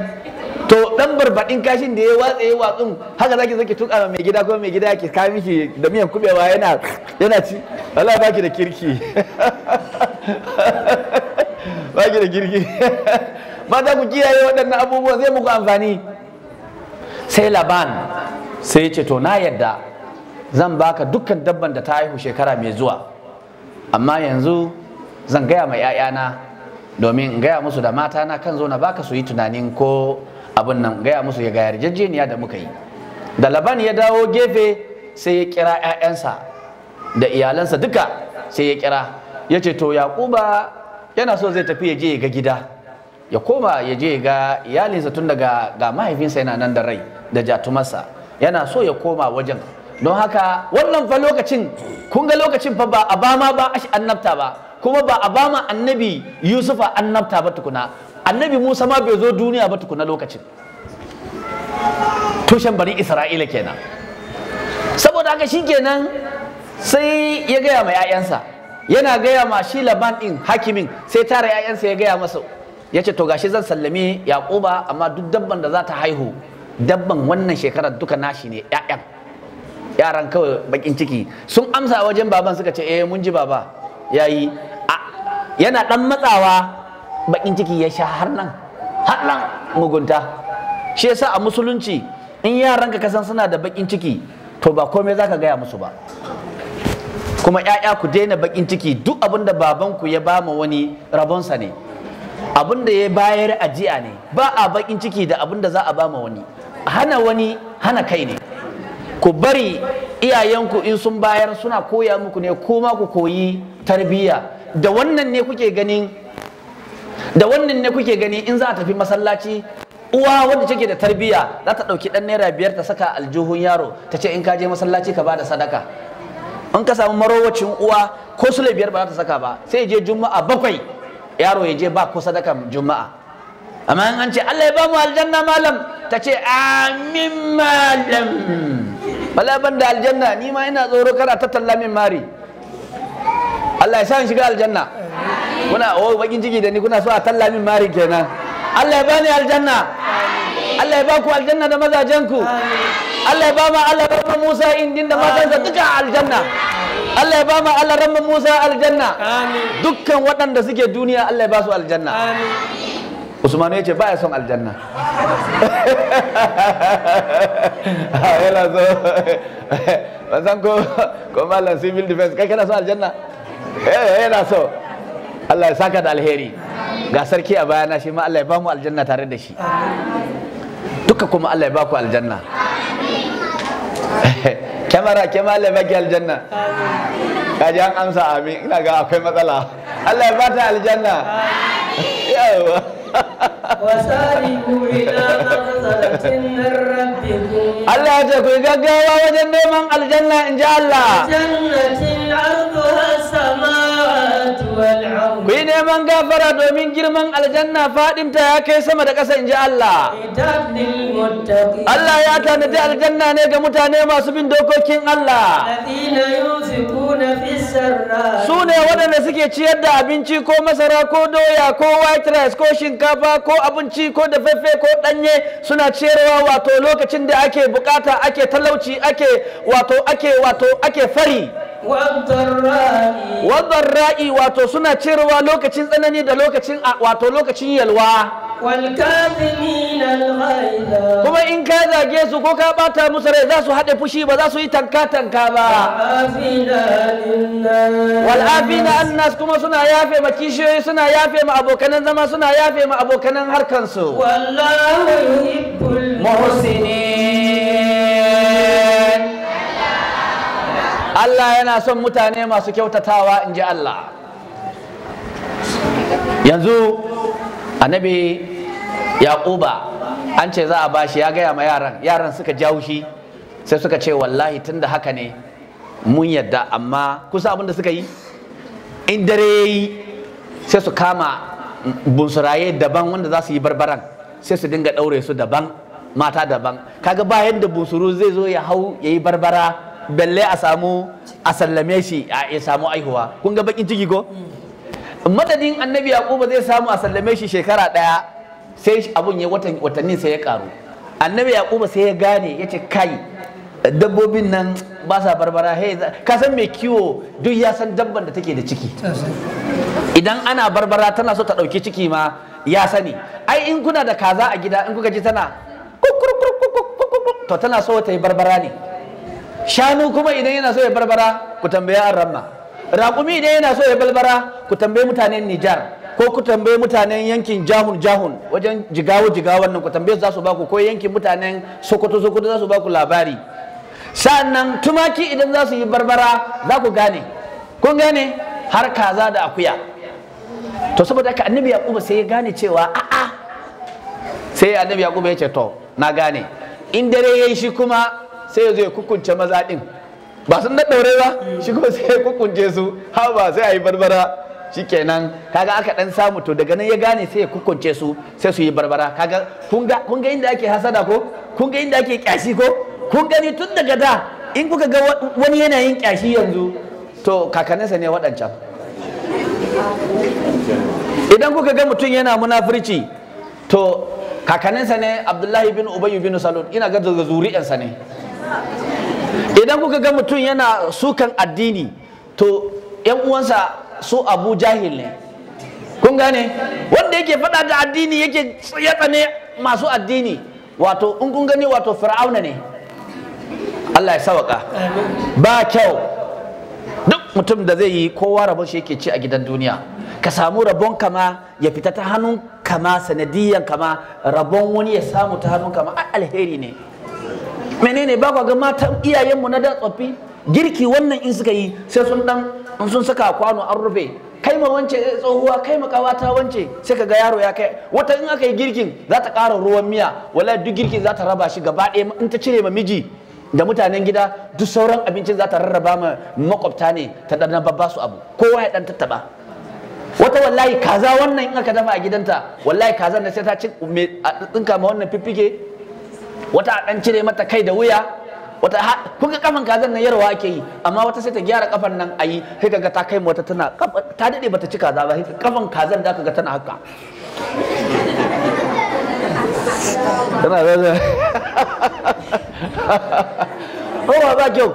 to dan barbadin kashin da ya watsa ya watsun haka zaki zo ki tuka mai gida ko mai gida yake ka miki da miyan kubewa yana yana ci Allah baki da kirki ba ki da ba mata ku kiyaye waɗannan abubuwan zai muku amfani sai laban sai ce to na yadda zan baka dukkan dabban da ta haihu shekara mai zuwa amma yanzu zan gaya ma 'ya'yana domin in gaya musu da matana kan zo na baka su yi tunanin ko abin nan gaya musu ya ga yarjejeniya da muka yi da laban ya dawo gefe sai ya kira 'ya'yansa da iyalansa duka sai ya kira ya ce to yakuba yana so zai tafi ya je ya ga gida ya koma ya je ga iyalinsa tun daga ga mahaifinsa yana nan da rai da jatumarsa yana so ya koma wajen don haka wannan fa lokacin kun ga lokacin fa ba a ba ma ba ashi annabta ba kuma ba a ba ma annabi yusufa annabta ba tukuna annabi musa ma bai zo duniya ba tukuna lokacin tushen bari isra'ila kenan saboda haka shi kenan sai ya gaya ma 'ya'yansa yana gaya ma shi laban din hakimin sai tara ƴaƴansa ya gaya masa ya ce to gashi zan sallame Yakuba amma duk dabban da za ta haihu dabban wannan shekarar duka nashi ne ƴaƴan yaran kawai bakin ciki sun amsa wajen baban suka ce eh mun ji baba yayi yana dan matsawa bakin ciki ya sha har nan har nan mugunta shi yasa a musulunci in yaranka kasan suna da bakin ciki to ba komai zaka gaya musu ba kuma ‘ya'ya ku daina bakin ciki duk abin da babanku ya ba ma wani rabonsa ne abin da ya bayar ajiya ne ba a bakin ciki da abin da za a ba ma wani hana wani hana kai ne ku bari iyayenku in sun bayar suna koya muku ne kuma ku koyi tarbiyya da wannan ne kuke ganin da wannan ne kuke gani in za a tafi masallaci uwa wanda take da tarbiyya za ta ɗauki ɗan naira biyar ta saka aljuhun yaro ta ce in ka je masallaci ka ba da sadaka in ka samu marowacin uwa ko sule biyar ba za ta saka ba sai je juma'a bakwai yaro ya je ba ko sadaka juma'a amma an ce Allah ya ba mu aljanna malam ta ce amin malam bala ban da aljanna ni ma ina tsoro kana ta talla min mari Allah ya sa in shiga aljanna kuna o oh, bakin ciki da ni kuna so a talla min mari kenan Allah ya bani aljanna Allah ya ba ku aljanna da mazajen ku Allah ya ba ma Allah rabban Musa indin da sa duka aljanna Allah ya ba ma Allah rabban Musa aljanna dukkan waɗanda suke duniya Allah ya ba su aljanna Usmanu ya ce baya son aljanna ah, yana so wannan ko ko mallan civil defense kai kana son aljanna eh, eh yana so Allah ya saka da alheri ga sarki a bayana shi ma Allah ya ba mu aljanna tare da shi duka kuma Allah ya ba ku aljanna kyamara ke malama ke aljanna kaji an amsa amin ina ga akwai matsala Allah ya bata aljanna yawa Allah ya ce ku gaggawa wajen neman aljanna in ji Allah jannatin arduha sama ku yi neman gafara domin girman aljanna faɗinta ya kai sama da ƙasa in ji Allah Allah ya tanadi aljanna ne ga mutane masu bin dokokin Allah su ne waɗanda suke ciyar da abinci ko masara ko doya ko white rice ko shinkafa ko abinci ko dafaffe ko ɗanye suna ciyarwa wato lokacin da ake bukata ake talauci ake wato ake wato ake fari wadarra'i wato suna cirewa lokacin tsanani da lokacin wato lokacin yalwa kuma in ka zage su ko ka ɓata musu rai za su haɗe fushi ba za su yi tanka-tanka ba na annas kuma suna yafe ma kishiyoyi suna yafe ma abokanan zama suna yafe ma abokanan harkansu wallahu yi muhsinin Allah yana son mutane masu kyautatawa in ji Allah yanzu annabi yaquba an ce za a bashi ya gaya ma yaran yaran suka jawo shi sai suka ce wallahi tun da haka ne mun yadda amma kusa abin da suka yi in dare yayi sai su kama bunsuraye daban wanda za su yi barbaran sai su dinga ɗaure su daban mata daban kaga ba yadda bunsuru zai zo ya hau ya yi barbara balle a samu a sallame shi a samu aihuwa kun ga bakin ciki ko hmm. madadin annabi yaquba zai samu a sallame shi shekara daya sai abun ya watan watannin sai ya karu annabi yaquba sai ya gane yace kai dabbobin nan ba sa barbara hey ka san mai kiwo duk ya san dabban da take da ciki idan ana barbara tana so ta dauki ciki ma ya sani ai in kuna da kaza a gida in kuka ji tana to tana so ta yi barbara ne shanu kuma idan yana so ya barbara ku tambaya an ramma raƙumi idan yana so ya barbara ku tambaye mutanen nijar ko ku tambaye mutanen yankin jahun jahun wajen jigawo jigawan nan ku tambaye za su baku ko yankin mutanen sokoto sokoto za su baku labari sa'annan tumaki idan za su yi barbara za ku gane kun gane har kaza da akuya to saboda haka annabi yaquba sai ya gane cewa a'a sai annabi yaquba ya ce to na gane in dare yayi shi kuma sai ya zo ya kukunce maza ɗin ba sun da ɗaure ba shi ko sai ya kukunce su ha ba sai a yi barbara kenan kaga aka ɗan samu to daga nan ya gane sai ya kukunce su sai su yi barbara kaga kun ga inda ake hasada ko kun ga inda ake kyashi ko kun gani tun daga da in kuka ga wani yana yin kyashi yanzu to kakanninsa ne waɗancan idan kuka ga mutum yana munafurci to kakanninsa ne abdullahi bin ubayu bin salon ina ga zuri'ansa ne idan kuka ga mutum yana sukan addini to yan uwansa su abu jahil ne kun gane wanda yake faɗa da addini yake ya ne masu addini wato in kun gani wato fir'auna ne Allah ya sawaka ba kyau duk mutum da zai yi kowa rabon shi yake ci a gidan duniya ka samu rabon kama ya fita ta hannun kama sanadiyan kama rabon wani ya samu ta hannun kama alheri ne menene ba ga matan iyayenmu na dan tsoffi girki wannan in suka yi sai sun dan sun saka kwano an rufe kai ma wance eh, tsohuwa kai ma kawata wance sai ka ga yaro ya kai wata in aka yi girkin za ta ƙara ruwan miya wala duk girki za ta raba shi gaba ɗaya in ta cire ma miji da mutanen gida duk sauran abincin za ta rarraba ma makwabta ne ta dan babba su abu kowa ya dan tattaba wata wallahi kaza wannan in aka dafa a gidanta wallahi kaza na sai ta ci mai tsinka ma wannan fiffike wata dan cire mata kai da wuya wata kun ga kafan kazan nan yarwa ake yi amma wata sai ta gyara kafan nan ayi sai kaga ta kai wata tana ta dade bata ci kaza ba sai kafan kazan da kaga tana haka tana da ba kyau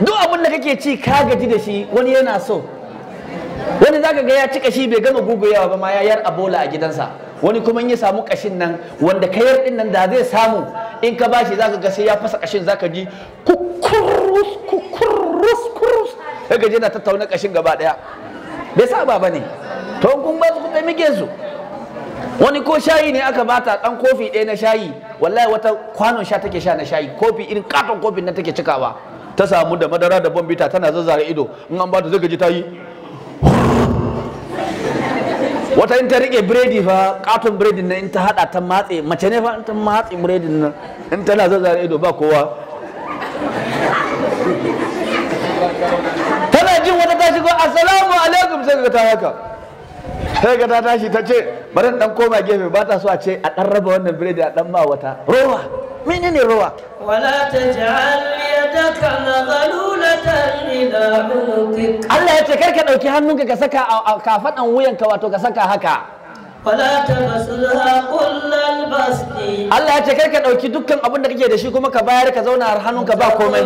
duk abin da kake ci ka gaji da shi wani yana so wani zaka ga ya ci kashi bai gama guguyawa ba ma ya yar abola a gidansa wani kuma in ya samu kashin nan wanda ka yar din nan da zai samu in ka bashi zaka ga sai ya fasa kashin zaka ji kukurus kukurus kukurus kaga gaji na tattauna kashin gaba daya bai saba bane to kun ba su kuɗe muke su wani ko shayi ne aka bata dan kofi ɗaya na shayi wallahi wata kwanon sha take sha na shayi kofi irin katon kofin nan take cikawa ta samu da madara da bombita tana zazzara ido in an bata zai gaji ta yi wata in ta rike biredi fa katon biredin nan in ta hada ta matse mace ne fa in ta matse biredin nan in tana zazzare ido ba kowa tana jin wata ta shigo assalamu alaikum sai ga ta haka sai ga ta tashi ta ce bari dan koma gefe ba ta so a ce a dan raba wannan biredi a dan ma wata rowa menene rowa wala taj'al yadaka Allah ya ce kar ka ɗauki hannunka ka saka a kafaɗan wuyanka wato ka saka haka Allah ya ce kar ka ɗauki dukkan abin da kake da shi kuma ka bayar ka zauna a hannunka ba komai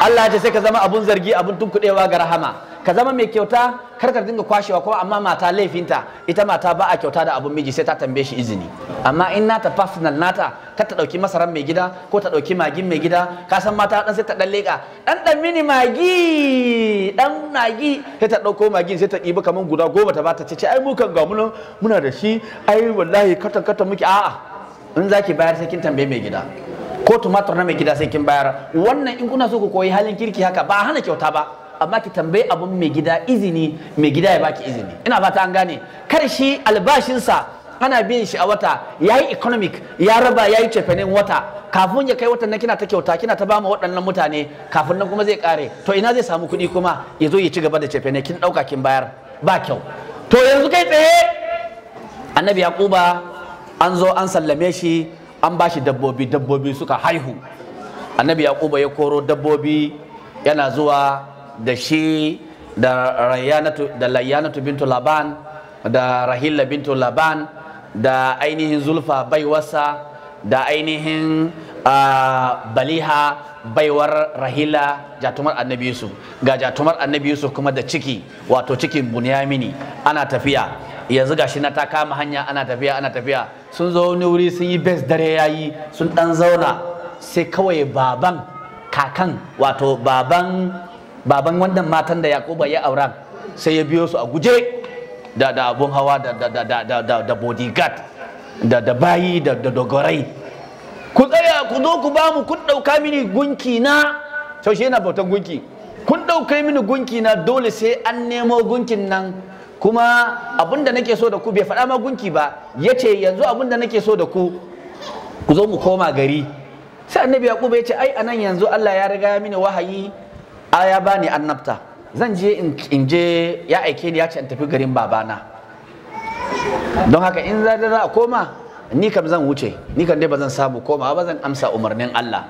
Allah ya ce sai ka zama abun zargi abun tunkuɗewa ga rahama ka zama mai kyauta kar ka dinga kwashewa kuma amma mata laifinta ita mata ba a kyauta da abun miji sai ta tambaye shi izini amma in nata personal nata ka ta dauki masaran mai gida ko ta dauki magin mai gida ka san mata dan sai ta dan leka dan dan mini magi dan magi sai ta dauko magin sai ta ɗibi kaman guda goma ta bata ce ai mu kan ga muna muna da shi ai wallahi katan katan muke a'a in zaki bayar sai kin tambaye mai gida ko tumatur na mai gida sai kin bayar wannan in kuna so ku koyi halin kirki haka ba hana kyauta ba amma ki tambayi abun mai gida izini mai gida ya baki izini ina fata an gane kar shi albashinsa ana biyan shi a wata ya yi economic ya raba ya yi cefanin wata kafin ya kai watan nan kina ta kyauta kina ta mu waɗannan mutane kafin nan kuma zai kare to ina zai samu kuɗi kuma ya zo ya ci gaba da cefene kin ɗauka kin bayar ba kyau to yanzu kai tsaye annabi yaquba an zo an sallame shi an ba shi dabbobi dabbobi suka haihu annabi yaquba ya koro dabbobi yana zuwa da shi da rayyanatu da layyanatu bintu laban da rahila bintu laban da ainihin zulfa baiwarsa da ainihin baliha baiwar rahila jatumar annabi yusuf ga jatumar annabi yusuf kuma da ciki wato cikin bunyamini ana tafiya yanzu gashi na ta kama hanya ana tafiya ana tafiya sun zo wani wuri sun yi bes dare yayi sun dan zauna sai kawai baban kakan wato baban baban wannan matan da yakuba ya auren sai ya biyo su a guje da abun hawa da da da da bodyguard da bayi da da dogorai ku tsaya ku zo ku ba kun dauka mini gunki na taushe yana bautan gunki kun dauka mini gunki na dole sai an nemo gunkin nan kuma abin da nake so da ku bai faɗa ma gunki ba ya ce yanzu abin da nake so da ku ku zo mu koma gari sai annabi yaƙuba ya ce ai anan yanzu Allah ya riga mini wahayi a ya bani annabta zan je in je ya aike ni ya ce in tafi garin babana don haka in za za a koma ni kam zan wuce ni kam dai ba zan samu koma ba zan amsa umarnin Allah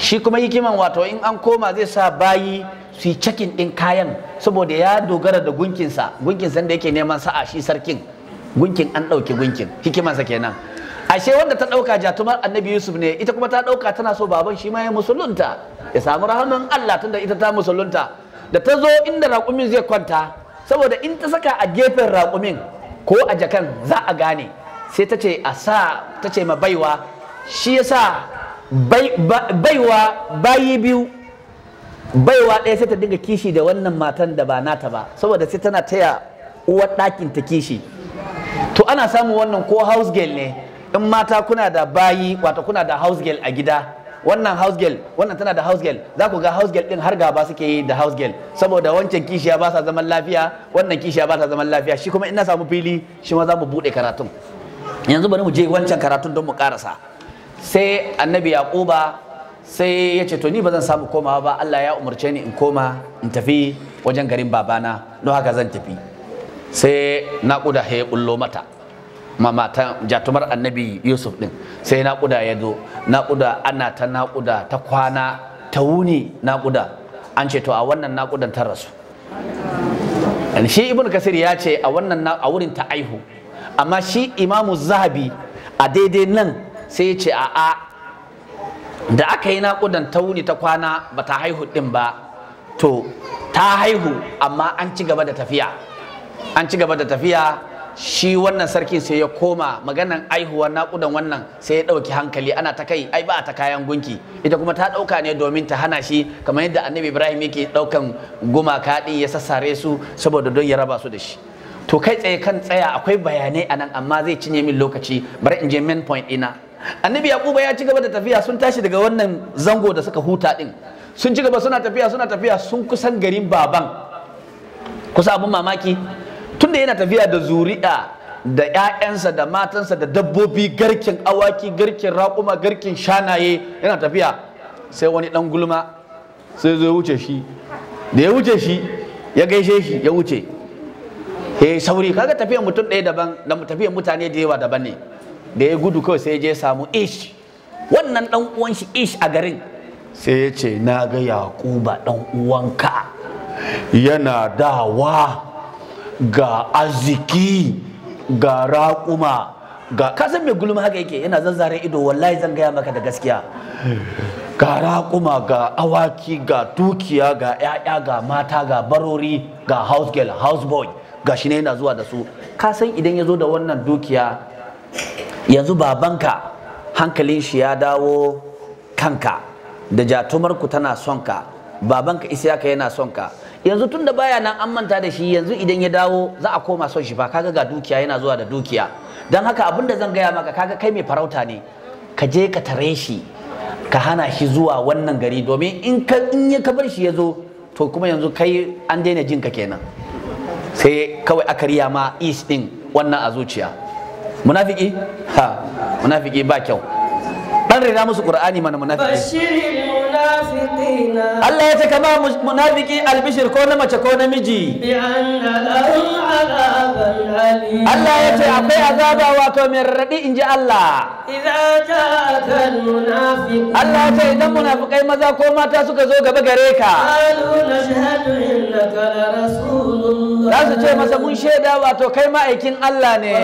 shi kuma hikiman wato in an koma zai sa bayi su yi cakin ɗin kayan saboda ya dogara da gunkinsa gunkinsa da yake neman sa'a shi sarkin gunkin an ɗauki gunkin hikimansa kenan ashe wanda ta ɗauka jatumar annabi yusuf ne ita kuma ta ɗauka tana so baban shi ma ya musulunta ya samu rahaman allah tunda ita ta musulunta da ta zo inda raƙumin zai kwanta saboda in ta saka a gefen raƙumin ko a jakan za a gane sai ta ce a sa ta ce ma baiwa shi ya sa baiwa bayi biyu baiwa ɗaya sai ta dinga kishi da wannan matan da ba nata ba saboda sai tana taya uwar ɗakin ta kishi to ana samun wannan ko house girl ne in mata kuna da bayi wato kuna da house girl a gida wannan house girl wannan tana da house girl za ku ga house girl din har gaba suke yi da house girl saboda wancan kishiya ba sa zaman lafiya wannan kishiya ba sa zaman lafiya shi kuma ina na samu fili shi ma za mu bude karatun yanzu bari mu je wancan karatun don mu karasa sai annabi yaquba sai ya ce to ni ba zan samu komawa ba Allah ya umarce ni in koma in tafi wajen garin babana don haka zan tafi sai naƙuda ya bullo mata mamata jatumar annabi yusuf din sai naƙuda ya zo naƙuda ana ta naƙuda ta kwana ta wuni naƙuda an ce to a wannan naƙudan ta rasu shi ibn kasir ya ce a wannan a wurin ta aihu amma shi imamu zahabi a daidai nan sai ya ce a'a da aka yi naƙudan ta wuni ta kwana ba ta haihu din ba to ta haihu amma an ci gaba da tafiya an ci gaba da tafiya shi wannan sarkin sai ya koma maganan aihuwa naƙudan wannan sai ya ɗauki hankali ana ta kai ai ba ta kayan gunki ita kuma ta ɗauka ne domin ta hana shi kamar yadda annabi ibrahim yake ɗaukan gumaka ɗin ya sassare su saboda don ya raba su da shi to kai tsaye kan tsaya akwai bayanai anan amma zai cinye min lokaci bar in je main point ina. annabi Yakuba ya ci gaba da tafiya sun tashi daga wannan zango da suka huta ɗin sun ci gaba suna tafiya suna tafiya sun kusan garin baban kusa abin mamaki tunda yana tafiya da zuri'a da 'ya'yansa da matansa da dabbobi garkin awaki garkin raƙuma garkin shanaye yana tafiya sai wani ɗan gulma sai zo wuce shi da ya wuce shi ya gaishe shi ya wuce he sauri kaga tafiyan mutum ɗaya daban da tafiyan mutane da yawa daban ne da ya gudu kawai sai ya je samu ish wannan ɗan uwan shi ish a garin sai ya ce na ga yakuba ɗan uwanka yana dawa ga arziki ga raƙuma ga kasan mai gulma haka yake yana zanzare ido wallahi zan gaya maka da gaskiya ga raƙuma ga awaki ga dukiya ga 'ya'ya ga mata ga barori ga house girl house boy ga shi ne yana zuwa da su kasan idan ya zo da wannan dukiya yanzu babanka hankalin shi ya dawo kanka da jatumarku tana son ka babanka isi yana son ka yanzu tun da baya nan an manta da shi yanzu idan ya dawo za a koma son shi ba kaga ga dukiya yana zuwa da dukiya don haka abin da zan gaya maka kaga kai mai farauta ne ka je ka tare shi ka hana shi zuwa wannan gari domin in ka in ya ka shi ya zo to kuma yanzu kai an daina jin ka kenan sai kawai aka riya ma is din wannan a zuciya munafiki ha munafiki ba kyau an rera musu qur'ani mana munafiki Allah ya ce kama munafiki albishir ko na mace ko namiji bi anna lahum Allah ya ce akwai azaba wato mai raɗi in ji Allah. Allah ya ce idan munafukai maza ko mata suka zo gaba gare ka. Za su ce masa mun shaida wato kai ma'aikin Allah ne.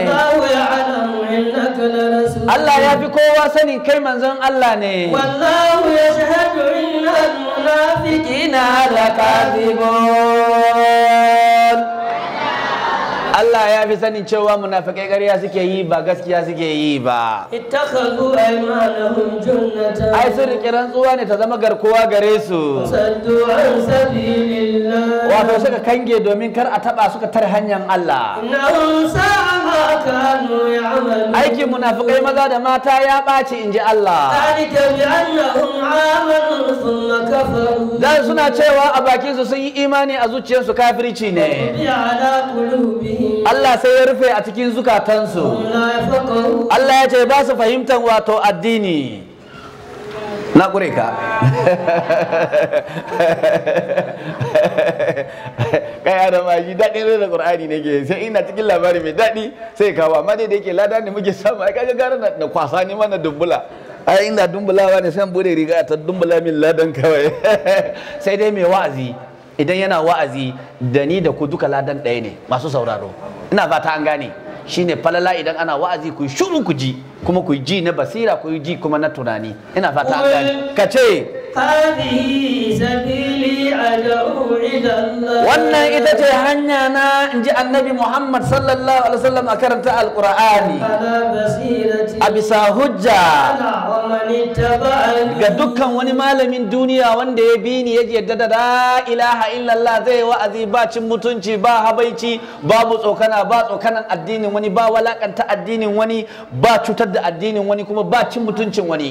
Allah ya fi kowa sani kai manzon Allah ne. Allah ya shahadu Allah ya fi sanin cewa munafikai ƙarya suke yi ba gaskiya suke yi ba. Ittakhadhu aymanahum junnatan. Ai sun riƙe rantsuwa ne ta zama garkuwa gare su. Saddu an sabilillah. Wato suka kange domin kar a taba suka tar hanyar Allah. Innahum sa'a ma kanu ya'malun. Aikin munafikai maza da mata ya ɓaci inji Allah. Zalika bi annahum amanu thumma kafaru. Dan suna cewa a bakin su sun yi imani a zuciyarsu kafirci ne. ya ala qulubihim Allah sai ya rufe a cikin zukatansu Allah ya ce ba su fahimtar wato addini na ƙure ka kai da maji daɗin rai da ƙur'ani ne ke sai ina cikin labari mai daɗi sai kawo amma dai da yake lada ne muke samu ai kaga gara na kwasa ne mana dumbula ai ina dumbulawa ne sai bude riga ta dumbula min ladan kawai sai dai mai wa'azi idan yana wa'azi da ni da ku duka ladan ɗaya ne masu sauraro ina fata an gane shine falala idan ana wa'azi ku shiru ku ji kuma ku ji na basira ku ji kuma na tunani ina fata an gane ka ce wannan ita ce hanya na inji annabi muhammad sallallahu alaihi wasallam a karanta alkur'ani a bisa hujja ga dukkan wani malamin duniya wanda ya bi ni ya ji yadda da ilaha illallah zai wa'azi ba cin mutunci ba habaici babu tsokana ba tsokanan addinin wani ba walakanta addinin wani ba cutar da addinin wani kuma ba cin mutuncin wani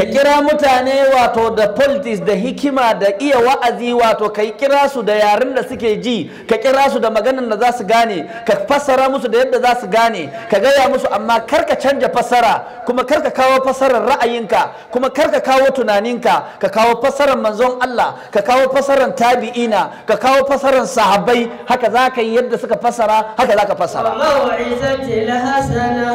ka kira mutane wato da politics da hikima da iya wa'azi wato ka kira su da yaren da suke ji ka kira su da maganar da za su gane ka fassara musu da yadda za su gane ka gaya musu amma karka canja fassara kuma karka kawo fassarar ra'ayinka kuma karka kawo tunaninka ka kawo fassarar manzon Allah ka kawo fassarar tabi'ina ka kawo fassarar sahabbai haka za ka yi yadda suka fassara haka za ka fassara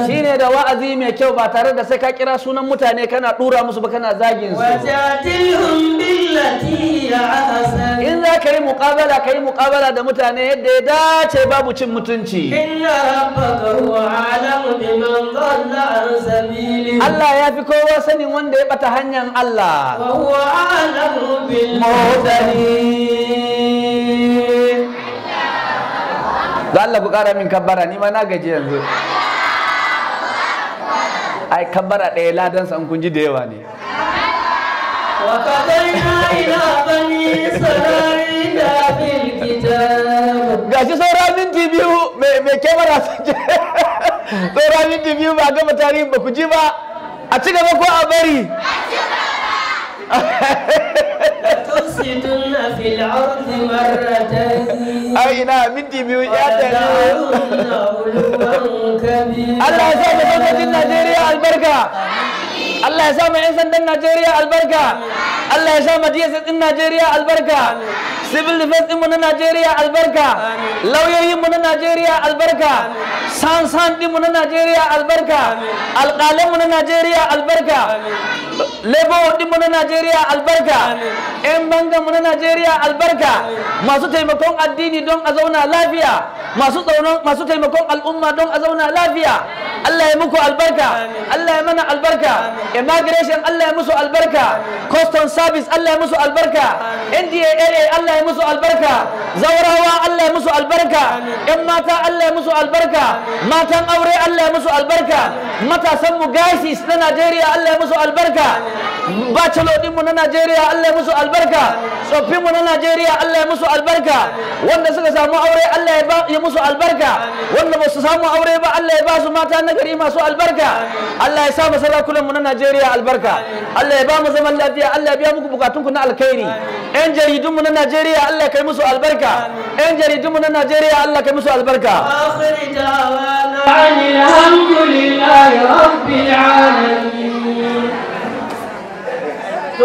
shine da wa'azi mai kyau ba tare da sai ka kira sunan mutane kana dura musu su ba kana zagin su wajatilhum billati ahsan in za ka yi muqabala ka yi muqabala da mutane yadda ya dace babu cin mutunci inna rabbaka huwa alamu biman dhalla an sabili Allah ya fi kowa sanin wanda ya bata hanyar Allah wa huwa alamu bil muhtadin Allah ku kara min kabbara ni ma na gaji yanzu ai kabbara ɗaya ladan san kun ji da yawa ne gashi saura minti biyu mai kemara sun ce saura minti biyu ba gama tarihin ba ku ji ba a ci gaba ko a bari Allah ya sa Najeriya albarka. Allah ya sa ma 'yan sandan Najeriya albarka Allah ya sa ma DSS din Najeriya albarka civil defense din mu na Najeriya albarka lauyoyin mu na Najeriya albarka san san din mu na Najeriya albarka alƙalan mu na Najeriya albarka lebo din mu na Najeriya albarka yan bangan mu na Najeriya albarka masu taimakon addini don a zauna lafiya masu tsaron masu taimakon al'umma don a zauna lafiya Allah ya muku albarka Allah ya mana albarka immigration Allah ya musu albarka custom service Allah ya musu albarka NDA Allah ya musu albarka zaurawa Allah ya musu albarka yan mata Allah ya musu albarka matan aure Allah ya musu albarka matasan mu gasis na Najeriya Allah ya musu albarka bachelor din mu na Najeriya Allah ya musu albarka tsoffin mu na Najeriya Allah ya musu albarka wanda suka samu aure Allah ya musu albarka wanda ba su samu aure ba Allah ya ba su mata nagari masu albarka Allah ya sa masarakunan mu na Najeriya Najeriya albarka Allah ya ba mu zaman lafiya Allah ya biya muku bukatunku na alkhairi yan jaridunmu na Najeriya Allah ya kai musu albarka yan jaridunmu na Najeriya Allah ya kai musu albarka alamin